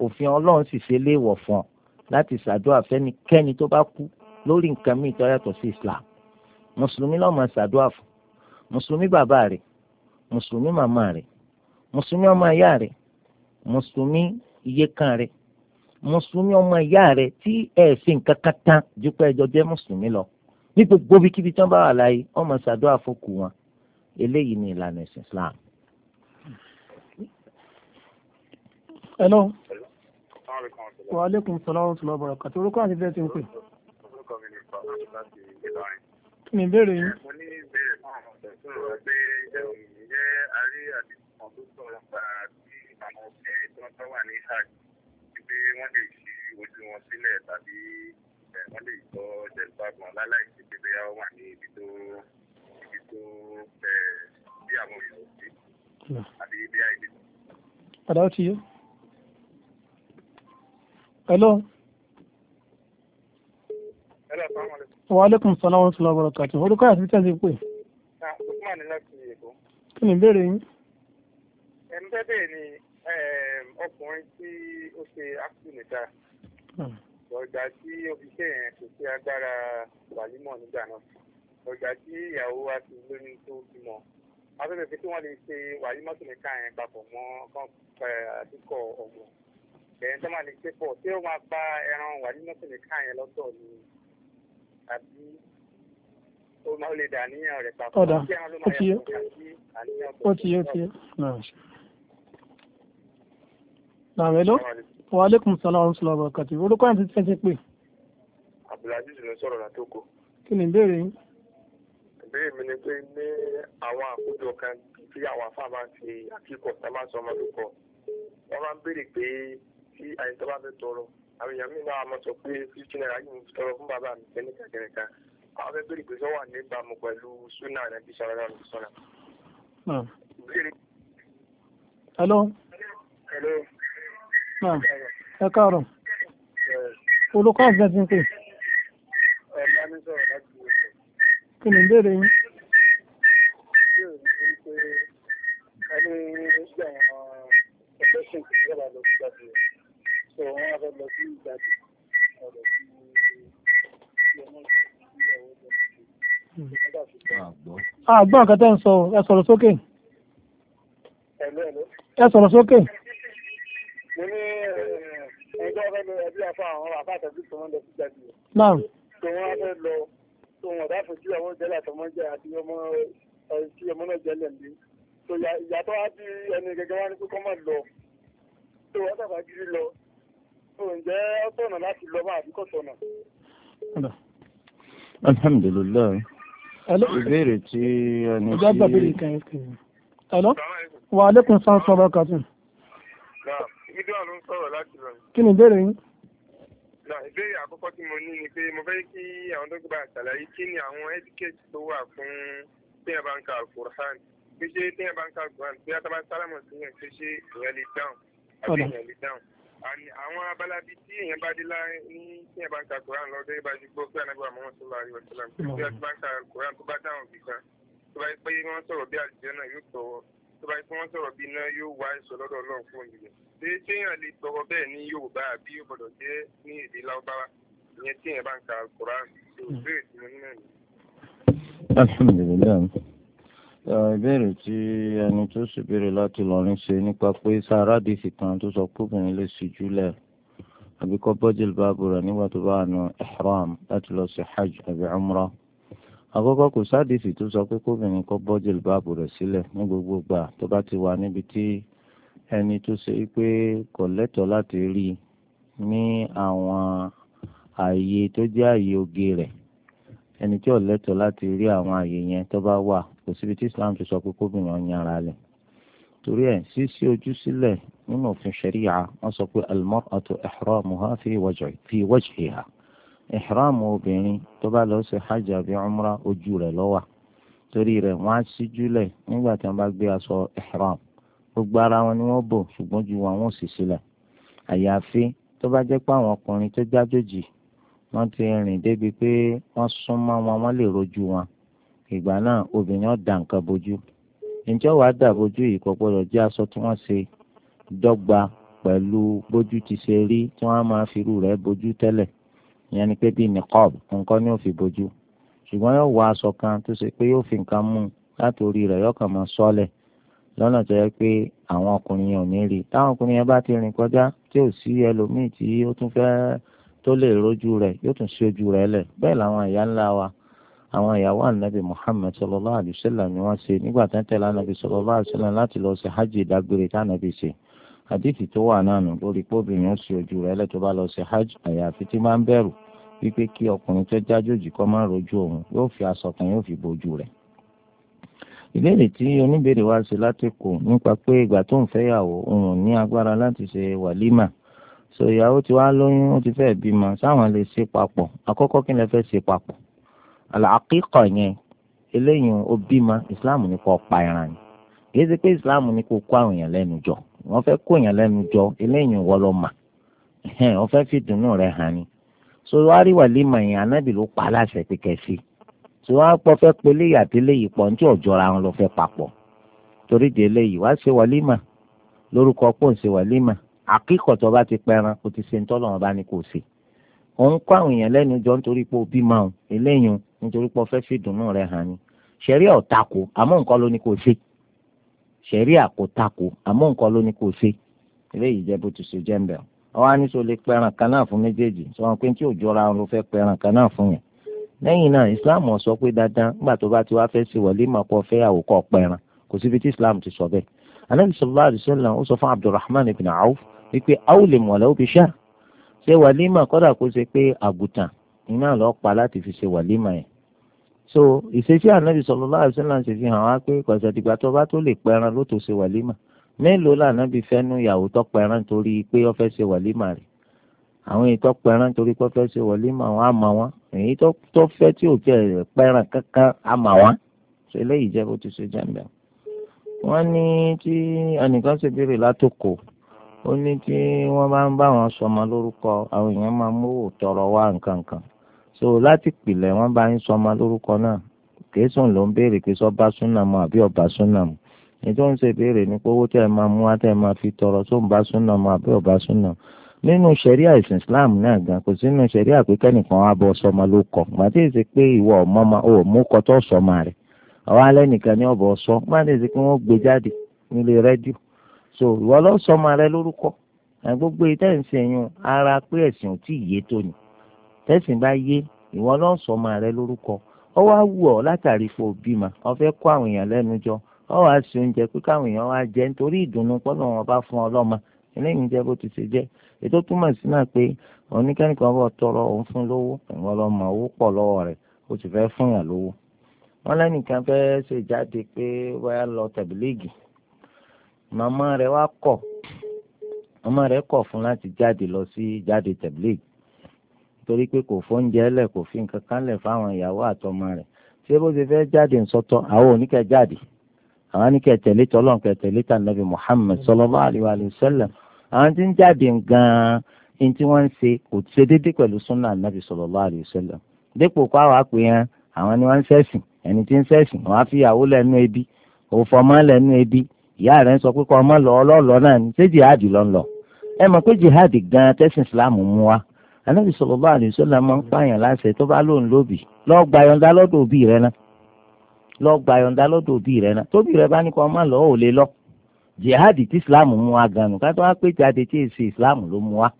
òfin ọlọ́run sì ṣe léèwọ̀ fún ọ láti ṣàdúrà fẹ́nikẹ́ni tó bá kú lórí nǹkan míì tó yàtọ̀ sí Islam mùsùlùmí ló máa ṣàdúrà fún mùsùlùmí bàbá rẹ̀ mùsùlùmí màmá rẹ̀ mùsùlùmí ọmọ ìyá rẹ̀ mùsùlùmí iye kan rẹ̀ mùsùlùmí ọmọ ìyá rẹ̀ tí ẹ ṣe nǹkan kan tán ju pé ẹjọ jẹ́ mùsùlùmí lọ ní gbogbo ibikíbi tí wọ́n bá wà láyé ọmọ ṣàdúrà fókù wọn eléyìí ni ìlànà ẹ̀sìn Islam. hello wa aleykum salaam wa rahmatulah barakatu orúkọ àti bẹ́ẹ̀ ti ń pè. kí ni ìbéèrè yín. mo ní ìbéèrè fún àwọn ọ̀sẹ̀ tó rọ̀ pé ẹ̀rù ìyẹ́ àrí àti ìmọ̀ tó sọ̀rọ̀ nípa tó ń tọ́wà ní hajj wípé wọ́n lè ṣí ojú wọn sílẹ̀ tàbí wọ́n lè gbọ́ jẹ̀gbàgbọ́n láláìsí pé bóyá wọ́n wà ní ibi tó ibi tó bí àwọn èèyàn sí àbí ibi àìdí. padà ó ti yé. hello. hello salaam aleykum. wa aleykum salaam wa rahmatulahi wa barakatuh orúkọ àti tẹ̀sí pé. ọ̀sán ni láti èkó. kí ni ìbéèrè yín ẹni bẹ́ẹ̀ ni ọkùnrin tí ó ṣe ápùlù níta ọjà tí òfìṣẹ́ yẹn kò sí agbára wàlímọ̀ nígbà náà ọjà tí ìyàwó wa ti lóyún tó bímọ afẹ́fẹ́ pé kí wọ́n lè ṣe wàlímọ̀ tó ní ká yẹn papọ̀ mọ́ kán àdúkọ ọ̀gbọ̀n ẹ̀yìn tó máa lè ṣe pọ̀ tí ó máa gba ẹran wàlímọ̀ tó ní yẹn lọ́tọ̀ ni àbí ó lè dà níyàn rẹ̀ papọ̀ ó ti ó ó ti ó Naam hello. Wa alaikum salaam wa rahmatullahi wa barakatuh. Orúkọ yẹn ti tẹ́tí pé. Abdulaziz ló sọ̀rọ̀ látòkò. Kí ni ìbéèrè yín? Ìbéèrè mi ni pé ní àwọn àkójọ kan tí àwọn afá máa ń ṣe akíkọ̀ tá máa ń sọ ọmọ tó kọ. Wọ́n máa ń béèrè pé tí àìsàn bá fẹ́ tọrọ. Àwọn èèyàn mìíràn àwọn ọmọ sọ pé fífi náírà yìí ń tọrọ fún bàbá mi fẹ́ ní kàkẹ́rẹ́ka. Àwọn fẹ́ béèrè pé sọ wà níbàámu pẹ̀lú Súnà Nàbí Sàrẹ́rà Lùsọ̀nà. Hello ẹ káàárọ̀ olùkọ́ àti ẹ̀sìn pé kí ni ìbéèrè yín. àgbọ̀n kẹtẹ́ ń sọ ẹ sọ̀rọ̀ sókè. ẹ sọ̀rọ̀ sókè. sí àfa àwọn àfa àtàbí tó wọ́n lọ sí jáde rẹ̀. náà tó wọ́n fẹ́ lọ tó wọ́n bá fojú àwọn jẹ́lẹ̀ àtọmọ́jẹ́ àti ọmọ tí ọmọ náà jẹ́lẹ̀ ní. tó ìyàtọ̀ á bí ẹni gẹ́gẹ́ wá ní pé kọ́ lọ tó wọ́n tàbá gírí lọ tó ń jẹ́ ọ̀tọ̀nà láti lọ bá àbíkọ̀ tọ̀nà. alhamdulilayi ìbéèrè tí ẹni tí. Hello? Wa alaikum salaam wa rahmatullahi. Kí ni ìbéèrè yín? na ìbéèrè àkọ́kọ́ tí mo ní ni pé mo fẹ́ kí àwọn tó gbà ṣàlàyé kí ni àwọn etiquette tó wà fún téèyàn bá ń ka alukur'an pé ṣé téèyàn bá ń ka alukur'an bí ataba sálámù síyàn pé ṣé èèyàn lè dáhùn àbí èèyàn lè dáhùn àwọn abala bíi tí èèyàn bá dé láyé ní téèyàn bá ń ka alukur'an lọ gẹ́gẹ́ bá ti gbọ́ pé anábíwá mọ́mọ́ sọ́lá àríwá sọ́lá bí wọ́n ti bá ń ka alukur'an tó bá dáhùn kíkan tó bá yẹ pé wọ́n sọ̀rọ̀ bí àlùjẹ́ náà yóò tọ̀wọ́ tó bá yẹ wọ́n sọ̀rọ̀ bí iná yóò wá ìṣòlọ́dọ̀ ọlọ́run fún òyìnbó pé séèyàn lè sọ̀rọ̀ bẹ́ẹ̀ ní yorùbá àbí yóò gbọ́dọ̀ jẹ́ ní èdè láwùbáwá ìyẹn téèyàn bá ń ka koran tó bẹ́ẹ̀ sí nínú ẹ̀. alhamdulilayi ìbéèrè tí ẹni tó sì béèrè láti lọrin ṣe nípa pé sàrà dìsì kan tó sọ pé obìnrin lè ṣíjú lẹ̀ àbí kọ́ bọ́jìlì báàbò rẹ̀ nígbà tó bá nu ihram láti lọ sí hajj àbí umrah àkọ́kọ́ kò sádìsì tó sọ pé kóbìnrin kọ́ bọ́jìlì báàbò rẹ̀ sílẹ̀ ní gbogbo gbà tó bá ti wà níbi tí ẹni tó ṣe pé kò lẹ́tọ̀ọ́ láti rí i ní àwọn ààyè tó jẹ́ ààyè oge rẹ̀ ẹni tí ò lẹ́tọ̀ọ́ láti rí àwọn ààyè yẹn tó bá wà kò síbi tí Islam ti sọ pé kóbìnrin ọ̀yàn ara lẹ̀ torí ẹ̀ ṣíṣí ojú sílẹ̀ nínú òfin ṣẹ̀ríyà wọ́n sọ pé al-mar'atu ihramuha fi wajhiha ihramu obìnrin tó bá lọ ṣe hajj àbí umra ojú rẹ̀ ló torí rẹ̀ wọ́n á ṣíjúlẹ̀ nígbà tí wọ́n bá gbé aṣọ ihram gbogbo ara wọn ni wọ́n bò ṣùgbọ́n ju àwọn òṣìṣẹ́ lọ àyàfi tó bá jẹ́ pé àwọn ọkùnrin tó jájòjì wọ́n ti rìn débi pé wọ́n sún mọ́ wọn wọ́n lè rojú wọn ìgbà náà obìnrin ọ̀dà nǹkan bojú ǹjẹ́ wàá dà bojú yìí kò gbọ́dọ̀ jẹ́ aṣọ tí wọ́n ṣe dọ́gba pẹ̀lú bójú ti ṣe rí tí wọ́n á máa fi irú rẹ̀ bojú tẹ́lẹ̀ ìyẹn ni pé bíi nìkọ́ọ̀bù nǹkan ni ó fi bojú ṣùgbọ́n yóò wọ aṣọ kan tó ṣe pé yóò fi nǹkan mú un láti rẹ̀ yóò máa sọ́ọ̀lẹ̀ lọ́nà tó yẹ pé àwọn ọkùnrin yẹn ò ní rí i táwọn ọkùnrin yẹn bá ti rìn kọjá tí ò sí ẹlòmíì tí ó tún fẹ́ tó lè rójú rẹ̀ yóò tún sí ojú rẹ̀ lẹ̀ bẹ́ẹ̀ làwọn ìyá ńlá wa àwọn ìyàwó ànábì Muhammad sallallahu alayhi wa sallam ni wọ́n ṣe nígbà tó tẹ̀lé ànábì sallallahu alayhi wa sallam láti lọ ṣe hajj ìdágbére tánàbì ṣe àdìtì tó wà náà nù lórí pọ́bìnrin ó sì ojú rẹ̀ lẹ̀ tó bá lọ ṣe hajj àyàfi tí máa ń bẹ̀rù wípé kí ọkùnrin tó jájòjì kọ́ máa rojú òun yóò fi aṣọ kan yóò fi bojú rẹ̀ ìbéèrè tí oníbèrè wa ṣe látẹ̀kọ̀ nípa pé ìgbà tó ń fẹ́yàwó òun ní agbára láti ṣe wàlímà so ìyàwó ti wá lóyún ó ti fẹ́ẹ̀ bímọ sáwọn lè ṣe papọ̀ àkọ́kọ́ kí lẹ fẹ́ ṣe papọ̀ àkíkà yẹn eléyìí ó bímọ ìsìláàmù ní kò pa ẹran ni kì í ṣe pé ìsìláàmù ní kò kó àwọn èèyàn lẹ́nu jọ wọ́n fẹ́ kó èèyàn lẹ́nu jọ eléyìí wọ́n lọ mà wọ́n fẹ́ fi ìdùnnú rẹ̀ hàn ni so wárí wàlímà yẹn anábì ló pa aláṣẹ pé kẹ́sì tí wọ́n á pọ̀ fẹ́ pe léyìí àti léyìí pọ̀ ní tí ọ̀jọ̀ra wọn lọ fẹ́ papọ̀ torí de léyìí wá ṣe wàlímà lórúkọ pò ń ṣe wàlímà àkíkọ̀tọ̀ bá ti pẹran kò ti ṣe ń tọ́lọ̀ wọn bá ní kò ṣe òun kọ́ àwọn èèyàn lẹ́nu jọ nítorí pé òbí máa ń eléyìí nítorí pé ọfẹ́ fi dùnnú rẹ̀ hàn ni ṣẹ̀rí ọ̀tako àmọ́ nǹkan ló ní kò ṣe ṣẹ̀rí àkótako àmọ́ nǹkan ló ní kò ṣe eléyìí jẹ́ bó ti ṣe jẹ́ ń bẹ̀rù ọwọ́ á ní sọ lè pẹran kan náà fún méjèèjì sọ wọn pé tí òjọra wọn ló fẹ́ pẹran kan náà fún yẹn lẹ́yìn náà islam ò sọ pé dandan nígbà tó bá ti wá fẹ́ sí wọlé mà kọ́ fẹ́ àwò kọ́ pẹran kò síbi tí islam ti sọ bẹ́ẹ̀ anabi sallallahu alayhi wa sallam ó sọ fún abdulrahman ibn awf wípé aw lim walau bi shahr ṣe wàlímà kọ́dà kó ṣe pé àgùntàn iná lọ pa láti fi ṣe wàlímà yẹn so ìṣesí ànábì sallallahu alaihi wasallam ṣe fi hàn wá pé kọ̀sẹ̀ dìgbà tó bá tó lè pẹran ló tó ṣe wàlímà mélòó lànàbì fẹ́nu ìyàwó tó pẹran torí pé ó fẹ́ ṣe wàlímà rẹ̀ àwọn èyí wọn á mọ wọn èyí tó fẹ́ tí ò tẹ̀ pẹ́ràn kankan àmà wá ṣe léyìí jẹ́ bó ti ṣe jẹ́ mbẹ́. wọ́n ní tí ẹnìkan ṣe béèrè látòkò ó ní tí wọ́n bá ń bá wọn sọmọ lórúkọ àwọn èèyàn máa mówó tọrọ wá nǹkan so láti pìlẹ̀ wọ́n bá ń sọmọ lórúkọ náà kẹsàn ló ń béèrè pé sọba súnà mu àbí ọba súnà mu èyí tó ń ṣe béèrè ní pé owó tẹ́ ẹ máa mú wá tẹ́ ẹ máa fi tọrọ tó ń bá súnà mu àbí ọba súnà mu nínú ṣẹ̀ríà ìsìn islam náà gan kò sínú ṣẹ̀ríà pé kẹ́nìkan wá bọ́ sọmọ ló kọ gbàtí èsì pé ìwọ ọmọ ò mú kọtọ́ sọmọ rẹ̀ ọwọ́ alẹ́ nìkan ní ọ̀bọ̀ sọ gbàtí èsì pé wọ́n gbé jáde nílé rẹ́díò so ìwọ lọ sọmọ rẹ lórúkọ gbogbo ìtẹ̀sí ẹ̀yìn ara pé ẹ̀sìn ò tí ì yé tóni tẹ̀sìn bá yé ìwọ lọ sọmọ rẹ lórúkọ ọ wá wù ọ látàrí fún òbí ma ọ fẹ́ kó àwọn èèyàn lẹ́nu jọ ọ wá sí oúnjẹ pé káwọn èèyàn wá jẹ nítorí ìdùnnú pọ́nlọ́wọ́n bá fún ọ lọ́mọ eléyìí jẹ́ bó ti ṣe jẹ́ ètò túmọ̀ sí náà pé oníkẹ́nìkan bọ̀ tọrọ òun fún lówó lọ mọ owó pọ̀ lọ́wọ́ rẹ̀ o sì fẹ́ fún yàn lówó wọn lẹ́nìkan fẹ́ ṣe jáde pé wáyà lọ tẹ̀bílíìgì màmá rẹ̀ wá kọ̀ màmá rẹ̀ kọ̀ fún láti jáde lọ sí àwọn tí ń jáde gan-an ní tí wọ́n ń ṣe kò ṣe déédéé pẹ̀lú sunnah nabi sallallahu alayhi wa sallam dípò kó àwọn àpè yẹn àwọn ni wọ́n ń ṣẹ̀sìn ẹni tí ń ṣẹ̀sìn wọ́n á fi ìyàwó lẹ́nu ebi òfò ọmọ lẹ́nu ebi ìyá rẹ̀ ń sọ pé kọ́ ọmọ lọ ọlọ́ọ̀lọ́ náà ni ṣé jihad lọ ń lọ ẹ mọ̀ pé jihad gan tẹ́sìn islam mú wa anabi sallallahu alayhi wa máa ń pààyàn láṣẹ tó bá lóun lóbì lọ́ọ́ jihadi tí islam mú wa ganu kátó wá pé jáde tí èsì islam ló mú wa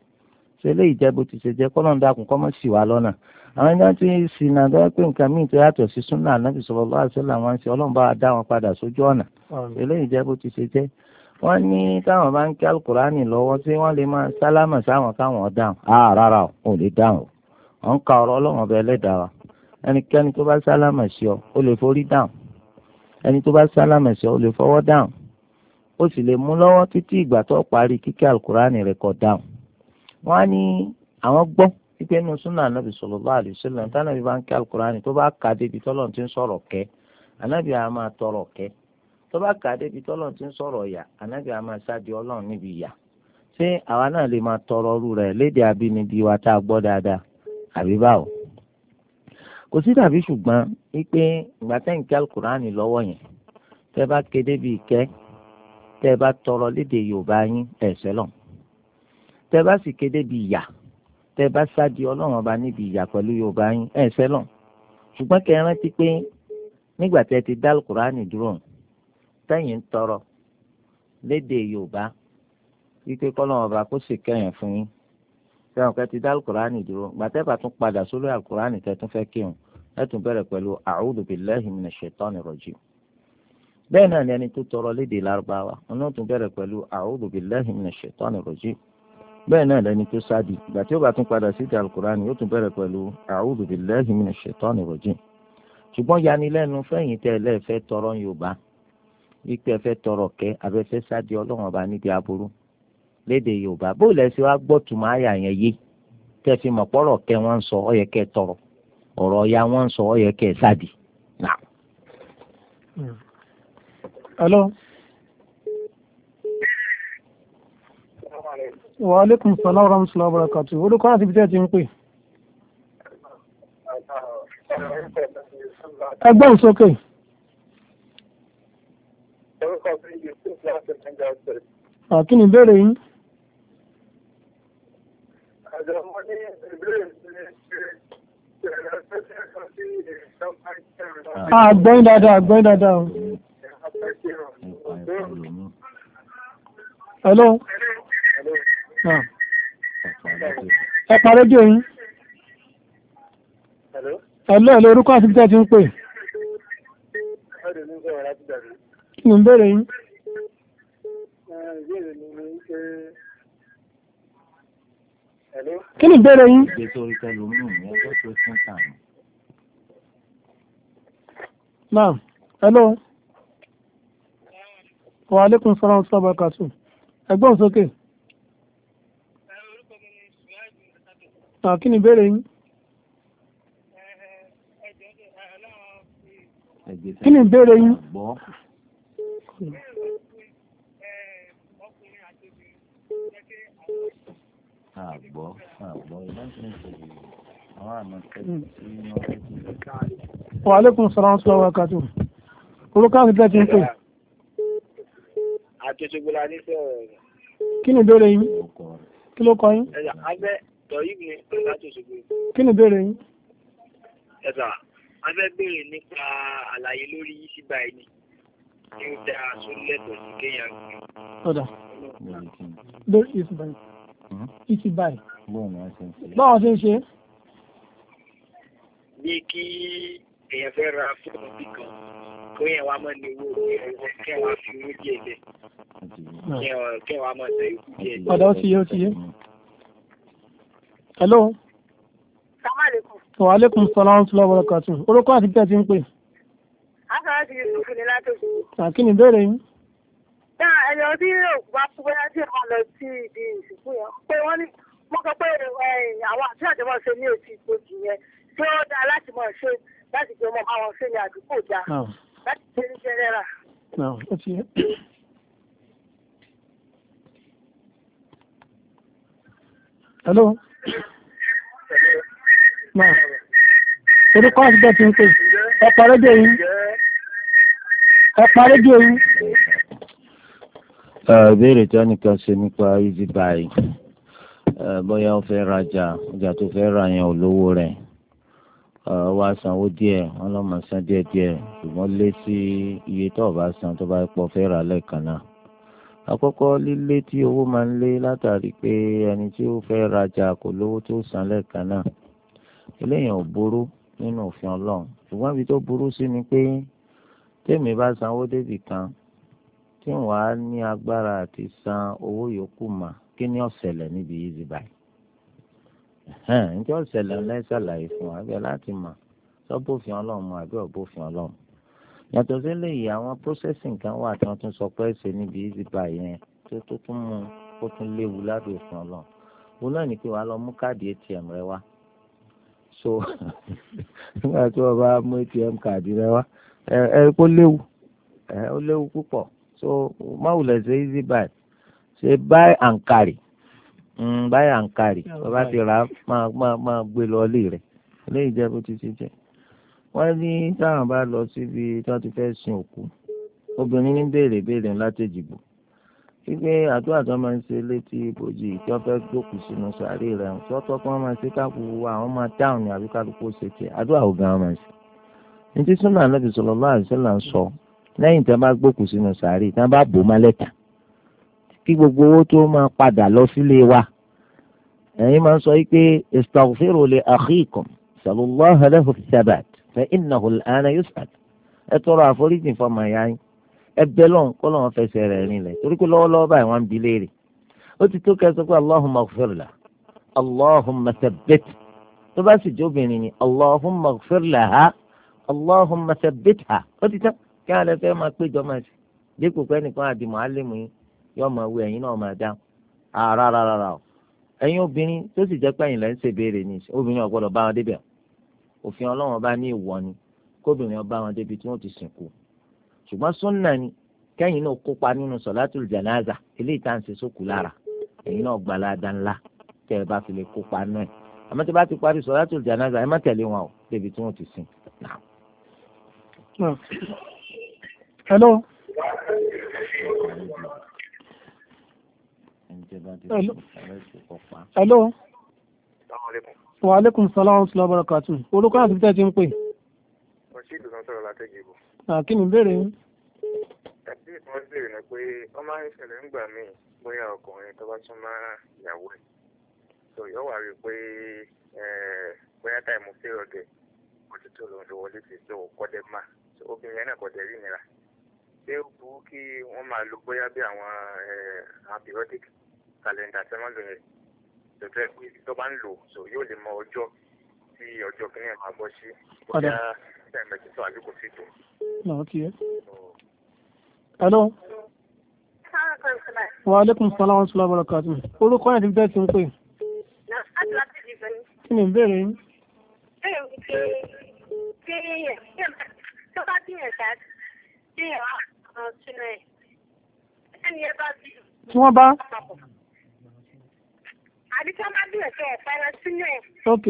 ṣe lè jẹ bó ti ṣe jẹ kọ́nà dàkún kọ́ mọ́ sí wa lọ́nà àwọn ẹni tí ń sin náà dọ́wọ́ pé nǹkan míì tó yàtọ̀ sí súnà ànábì sọ̀rọ̀ bá àṣẹ làwọn ń ṣe ọlọ́run bá wa dá wọn padà sójú ọ̀nà ṣe lè jẹ bó ti ṣe jẹ wọ́n ní táwọn bá ń kí alukurani lọ́wọ́ tí wọ́n lè máa sálámà sáwọn káwọn dáhùn á rárá ò lè dáhùn ọ̀ ń ka ọ̀rọ̀ ọlọ́run ọba ẹlẹ́dàá wa ẹnikẹ́ni tó bá sálámà sí ọ ó lè forí dáhùn ẹni tó bá sálámà sí ọ ó lè fọwọ́ dáhùn o sì lè mú lọ́wọ́ títí ìgbà tó parí kíkẹ́ alukurani rẹ̀ kọ dáhùn. wọ́n á ní àwọn gbọ́ inú súnà anábì bá ń kẹ́ alukurani tó bá kà débi tọ́lọ̀ ti ń tọrọ kẹ́ tó bá kà débi tọ́lọ̀ ti ń sọ̀rọ̀ yà anábì á máa ṣáàdì ọlọ́run níbi yà ṣé àwa náà lè máa tọrọ ọrú rẹ̀ léde àbínibí wa tá a gbọ́ dáadáa àbí báwo kò sí tàbí ṣùgbọ́n wípé ìgbà tẹ́ǹkẹ́ alukurani lọ́wọ́ yẹn tẹ́ tẹ́ ẹ bá tọrọ léde yorùbá yín ẹ̀sẹ̀ lọ tẹ́ ẹ bá sì kéde bí ìyà tẹ́ ẹ bá sáàdì ọlọ́run ọba níbi ìyà pẹ̀lú yorùbá yín ẹ̀sẹ̀ lọ ṣùgbọ́n kẹ́ ẹ rántí pé nígbà tẹ́ ẹ ti dá kùránì dúró tẹ́yìn ń tọrọ léde yorùbá wípé kọ́lọ́run ọba kó sì kẹ́yìn fún yín sẹ́wọ̀n kẹ́ ti dá kùránì dúró gbàtẹ́ bá tún padà sórí àkùránì tẹ́ tún fẹ́ kírun ẹ tún bẹ̀rẹ̀ pẹ̀lú a'udhu billahi minash shaitani rajim bẹ́ẹ̀ náà ni ẹni tó tọrọ lédè lárúbáwá ọ̀nà tó bẹ̀rẹ̀ pẹ̀lú a'udhu billahi minash shaitanir rajim bẹ́ẹ̀ náà lẹni tó sáàdì ìgbà tí ó bá tún padà sí ti alukurani yóò tún bẹ̀rẹ̀ pẹ̀lú a'udhu billahi minash shaitanir rajim ṣùgbọ́n yanilẹ́nu fẹ́yìn tẹ́ ẹlẹ́fẹ́ tọrọ yorùbá wípé ẹfẹ́ tọrọ kẹ́ abẹ́fẹ́ sáàdì ọlọ́run ọba níbi aburú lédè yorùbá Hello. Wa alaikum salaam wa rahmatullahi wa barakatuh. Orúkọ láti ibi tí ẹ ti ń pè. Ẹgbẹ́ ìsókè. é kan sí ìṣọ́pá ìṣẹ́rẹ̀. Àgbọ́n dáadáa, àgbọ́n hello ah. ẹ pa rédíò yín hello hello orúkọ àti bíjá ti ń pè kí ni ń béèrè yín. Kí ni ìbéèrè yín? Máa, hello wa aleykum salaam wa barakatu ẹgbọ́n sókè. Ah, kí ni ìbéèrè yín. kí ni ìbéèrè yín. àgbọ̀ àgbọ̀ ìdájọ́ ìṣèlú àwọn àmọ̀tẹ́kùn tí wọ́n ń pè é. orúkọ àti bẹ́ẹ̀ ti ń pè é. Òkè-Òṣogbo la ní sọ̀rọ̀ rẹ̀. Kí ni ìbéèrè yín? Kí ló kọ yín? Ẹ̀sà abẹ́ tọ̀yí mi láti Òṣogbo. Kí ni ìbéèrè yín? Ẹ̀sà abẹ́ béèrè nípa àlàyé lórí yíṣí báyìí ni. Kí ó dá aṣọ lẹ́tọ̀ọ́ sí kéèyàn gbé. Ọ̀dà. Lórí yíṣí báyìí. Hmm? Yíṣí báyìí. Báwo ṣe ń ṣe? Bí kí èèyàn fẹ́ ra fóònù bí kan kó yẹn wá mọ́ ní owó kẹ́ wá fi owó díẹ̀ díẹ̀ kẹ́ wá mọ́ sí ikú díẹ̀ díẹ̀. ọ̀dà ó ti yé ó ti yé. hello. sàmàlẹ́kùn. wa alaikum salaam wa rahmatullahi wa barakatuh orúkọ àti tẹ́tí ń pè. a sọ̀rọ̀ sí yusuf ní látòkù. àkínní ìbéèrè yín náà ẹni ọdún yóò bá fún bóyá tí wọn lọ sí ibi ìsìnkú yẹn pé wọn ní wọn kọ pé àwọn àti àjọmọ ṣe ní òsì ìgbòjì yẹn tí ó dáa láti mọ ṣe láti jẹ́ ọmọ báwọn ṣe ní àdúgbò já láti jẹ́ ní jẹ́rẹ́rà. hello. náà orúkọ àti bẹ́ẹ̀ ti ń pè é ọ̀pọ̀ rédíò yìí ọ̀pọ̀ rédíò yìí. ìbéèrè tí wọ́n nìkan ṣe nípa easy buy bóyá ó fẹ́ rajà ọjà tó fẹ́ ra yẹn ò rẹ̀ wá sanwó díẹ̀ wọn lọ máa san díẹ̀ díẹ̀ ṣùgbọ́n lé sí iye tó o bá san tó bá pọ̀ fẹ́ rà lẹ́ẹ̀kan náà àkọ́kọ́ lílé tí owó máa ń lé látàrí pé ẹni tí ó fẹ́ rajà kò lówó tó san lẹ́ẹ̀kan náà eléyàn ò burú nínú òfin ọlọ́run ṣùgbọ́n ibi tó burú sí ni pé tèmi bá sanwó débì kan tí wàá ní agbára àti san owó yòókù mà kí ni ó níbi yìí báyìí ǹjẹ́ ọ̀sẹ̀lẹ̀ ọlẹ́sàlàyé fún wa bẹ́ẹ̀ láti mọ̀ sọ́bòfin ọlọ́run mu àbí ọ̀bòfin ọlọ́run. yàtọ̀ sí léyìí àwọn processing kan wà tí wọ́n tún sọ pé ṣe níbi ìzìbà yẹn tó tó tún mú ó tún léwu lábẹ́ òfin ọlọ́run. òun náà ní pé wàá lọ mú káàdì ATM rẹ wá. so nígbà tí wọ́n bá mú ATM káàdì rẹ wá ẹ ẹ kó léwu ẹ ó léwu púpọ̀ so máwùlẹ̀ ṣe ìzìbà ṣe buy and báyà ń kárì bàbá ti rà á máa máa máa gbé lọ ilé rẹ̀ eléyìí jẹ́ bó ti ṣe jẹ́ wọ́n ní táwọn bá lọ síbi tí wọ́n ti fẹ́ sin òkú obìnrin ní béèrè béèrè ńlá tèjìbò wípé àdúrà tó máa ń ṣe létí ibojì tó fẹ́ gbòkú sínú sàárè rẹ̀ sọ́tọ́ kí wọ́n máa ṣe káàkiri àwọn máa dáhùn ní àbí kálukú ṣe tiẹ̀ àdúrà ògùn àwọn máa ṣe. ní tí súnà Ànábì sallallahu alaihi wasallam ń sọ lẹ́yìn tí wọ́n bá gbòkú sínú sàárè tí wọ́n bá bò má lẹ́tà kí gbogbo owó tó máa padà lọ sílé wa ẹ̀yin máa ń sọ wípé istaghfiru li akhikum sallallahu lahu thabat fa innahu al-ana yus'al ẹ tọrọ àforíjì fọmọ ìyá yín ẹ bẹ lọ́n kọ́ lọ́n fẹsẹ̀ rẹ̀ rinlẹ̀ torí pé lọ́wọ́lọ́wọ́ báyìí wọ́n ń bi léèrè ó ti tó kẹsàn pé allahumma ghfirla allahumma thabbit tó bá sì jóbìnrin ni allahumma ghfirla yóò máa wí ẹ̀yin náà máa dáhùn àrà o ẹ̀yin obìnrin tó sì jẹ́ pé ẹ̀yin lẹ́ ṣe béèrè ní ìsìn obìnrin ọ̀gbọ́dọ̀ bá wọn débẹ̀ òfin ọlọ́run ọba ní ìwọ ni kóbìnrin ọba wọn débi tí wọ́n ti sìnkú ṣùgbọ́n súnà ni kẹ́yìn náà kópa nínú sọ̀látùl jànáza eléyìí tá à ń ṣe sókù lára ẹ̀yin náà gbà láàdá tẹ́ ẹ bá fi lè kópa náà àmọ́ tí bá ti parí sọ̀látùl jànáza ẹ má tẹ̀lé wọn o débi tí wọ́n ti sìn. hello hello. wa aleykum salaam wa barakatu. orúkọ àti bí tẹ́tí ń pè. rasheed ló ń sọ̀rọ̀ látẹ́gìbò. kí ni ìbéèrè yín. ẹbí tí wọ́n ni pé wọ́n máa ń ṣẹlẹ̀ nígbà míì bóyá ọkùnrin tó bá tún máa yàwó ẹ̀. sọ yóò wá rí pé bóyá táìmù fẹ́rọ̀ dẹ̀ òtítọ́ ló ń lọ wọlé sí ìṣòwò kọ́dẹ́ máa obìnrin yẹn náà kọ́dẹ́ rí nira ṣé ó burú kí wọ́n máa lo bóyá bí àwọn antibiotics kàlẹ́ndà tí wọ́n lò yẹn tọ́tọ́ pé tó bá ń lò so yóò lè mọ ọjọ́ tí ọjọ́ kìíní ẹ̀ máa bọ́ sí bóyá ẹ̀mẹ̀tì tó àbí sí tó. náà ti yẹ. hello. wa aleykum salaam wa rahmatulah barakatu. orúkọ yẹn ti bẹ́ẹ̀ ti ń pè. kí ni ìbéèrè yín. bẹ́ẹ̀ ni pé pé yẹn tó bá bí yẹn ṣáájú bí yẹn wà sínú ẹ̀ ẹni ẹ bá bí. tí wọ́n bá àbí tí wọ́n bá gbìyànjú kẹ́ ẹ̀ fara sílẹ̀. ok.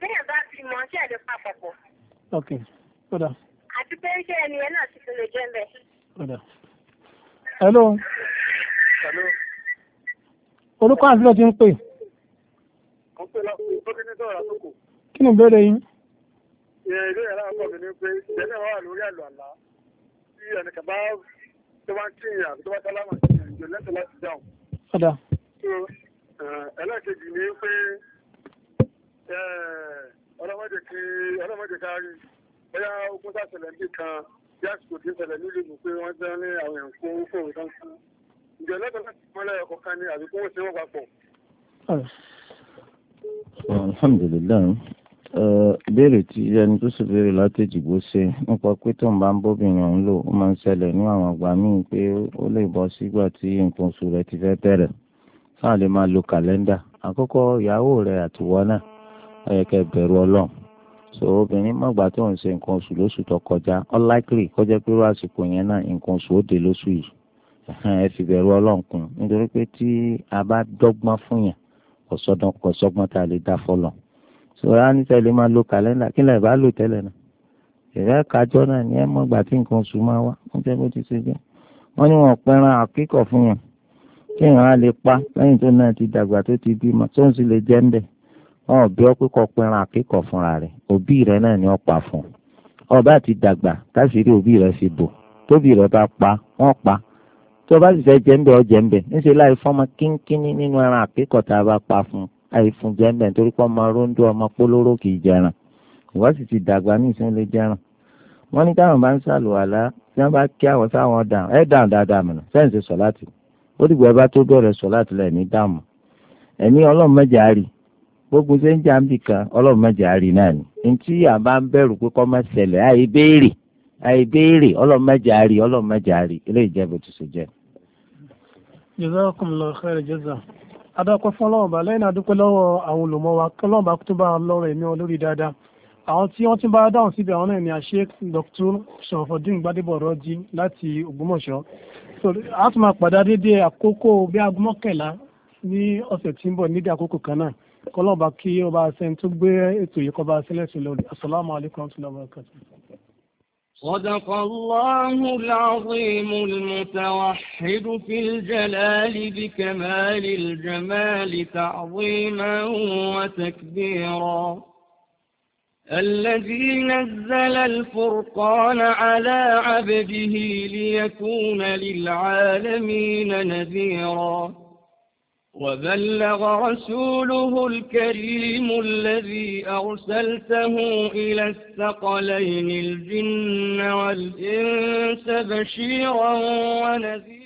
bẹ́ẹ̀ bá ti mọ sí ẹ̀dọ̀ papọ̀. ok kódà. àti pé ṣé ẹni ẹ náà ti fi lè jẹ́ ń bẹ̀. kódà. hello. hello. orúkọ àti lọ́ọ́ ti ń pè. mo ń pè lọ́kùnrin tó kí ní sọ̀rọ̀ àtúkù. kí ni ìbéèrè yín. ìrìn ìrìn àkọ́kọ́ mi ni pé ìṣẹ́lẹ̀ wà lórí àlọ́ àlá tí ẹnìkan bá tó bá ń kíyàn àbí tó bá tálámà kíyàn ìjọ lẹ́sẹ̀ láti dáhùn. kódà. Eh, ẹlẹ́kejì ni pé eh, ọlọ́mọdé kí ọlọ́mọdé kárí bóyá ogun tá ṣẹlẹ̀ níbi kan bí àsìkò tí ń ṣẹlẹ̀ nílùú ìlú pé wọ́n jẹ́ ní àwọn èèyàn fún owó fòwò tán kú ǹjẹ́ lọ́dọ̀ láti mọ́lẹ̀ ọkọ̀ kan ní àbí kó wọ́n ṣe wọ́n papọ̀. alhamdulilayi eh, béèrè tí ẹni tó sì béèrè látẹ̀jìgbó ṣe nípa pé tó ń bá ń bóbìnrin ọ̀hún lò ó máa ń ṣẹlẹ̀ ní àwọn àgbà míì pé ó lè bọ́ sígbà tí nǹkan oṣù rẹ̀ ti fẹ́ bẹ̀rẹ̀ sáà lè máa lo kàlẹ́ndà àkọ́kọ́ ìyàwó rẹ̀ àtiwọ́ náà ẹ̀kẹ́ bẹ̀rù ọlọ́run so obìnrin mọ̀gbà tó ń ṣe nǹkan oṣù lóṣù tó kọjá unlikely kọjá pé irú àsìkò yẹn náà nǹkan oṣù ó dé lóṣù yìí ẹ fi bẹ̀rù ọlọ́run kún nítorí pé tí a bá dọ́gbọ́n fún yàn kò sọ́gbọ́n tá a lè dá fọlọ́ so a ní tẹ́lẹ̀ máa lo kàlẹ́ndà kí lẹ́ẹ̀ bá lò tẹ́lẹ̀ náà ìrẹ́ kájọ́ náà ni ẹ mọ̀gbà tí nǹkan oṣù máa wá wọ́n jẹ́ bó ti ṣe jẹ́ wọ́n ní wọn pẹ́ran àkíkọ̀ fún yàn kí ìhàn á lè pa lẹ́yìn tó náà ti dàgbà tó ti bímọ tó ń sì lè jẹ́ ń bẹ̀ ọ̀bí ọ̀pẹ́kọ̀ pẹran àkẹ́kọ̀ọ́ fúnra rẹ̀ òbí rẹ̀ náà ni ó pa fún ọba ti dàgbà káṣírí òbí rẹ̀ fi bò tóbi rẹ̀ bá pa wọ́n pa tó bá sì fẹ́ jẹ́ ń bẹ̀ ọ́ jẹ́ ń bẹ̀ níṣẹ́ láì fọ́mọ kínkínní nínú ẹran àkẹ́kọ̀ọ́ tá a bá pa fún àì fún jẹ́ ń bẹ̀ nítorí pé ọmọ róńdó ọmọ pólóró kì í jẹran ìwọ́n sì ti dàgbà ní ìsìn lè jẹran wọ́n ní táwọn bá ń sàlùwàlá tí wọ́n bá kí àwọn sáwọn dàn ẹ̀ dàn dáadáa mọ̀nà sẹ́yìn ti sọ láti ó dìgbà bá tó bẹ̀rẹ̀ sọ láti lẹ̀ ní dààmú ẹ̀mí ọlọ́run mẹ́jẹ̀ á rí gbogbo ṣe ń jà ń bì kan ọlọ́run mẹ́jẹ̀ á rí náà ni ntí ń bẹ̀rù pé kọ́ ṣẹlẹ̀ àì béèrè àì béèrè ọlọ́run mẹ́jẹ̀ á rí ọlọ́run mẹ́jẹ̀ á rí eléyìí jẹ́ bó ti ṣe jẹ́. ọba àwọn olùmọ̀ wọn ti bá dáhùn síbi àwọn náà ni Dr. Sọfọdún Gbadébọrọ sọ̀rọ̀ a tún máa padà dédé àkókò bí aago mọ́kànlá ní ọ̀sẹ̀ tí ń bọ̀ nídìí àkókò kan náà kọlọ́ọ̀bá kí ọba àṣẹyìn tó gbé ètò yìí kọba àṣẹlẹ̀ sílẹ̀ olè asalaamu alaykum wa rahmatulahi wa صدق الله العظيم المتوحد في الجلال بكمال الجمال تعظيما وتكبيرا الذي نزل الفرقان على عبده ليكون للعالمين نذيرا وبلغ رسوله الكريم الذي أرسلته إلى الثقلين الجن والإنس بشيرا ونذيرا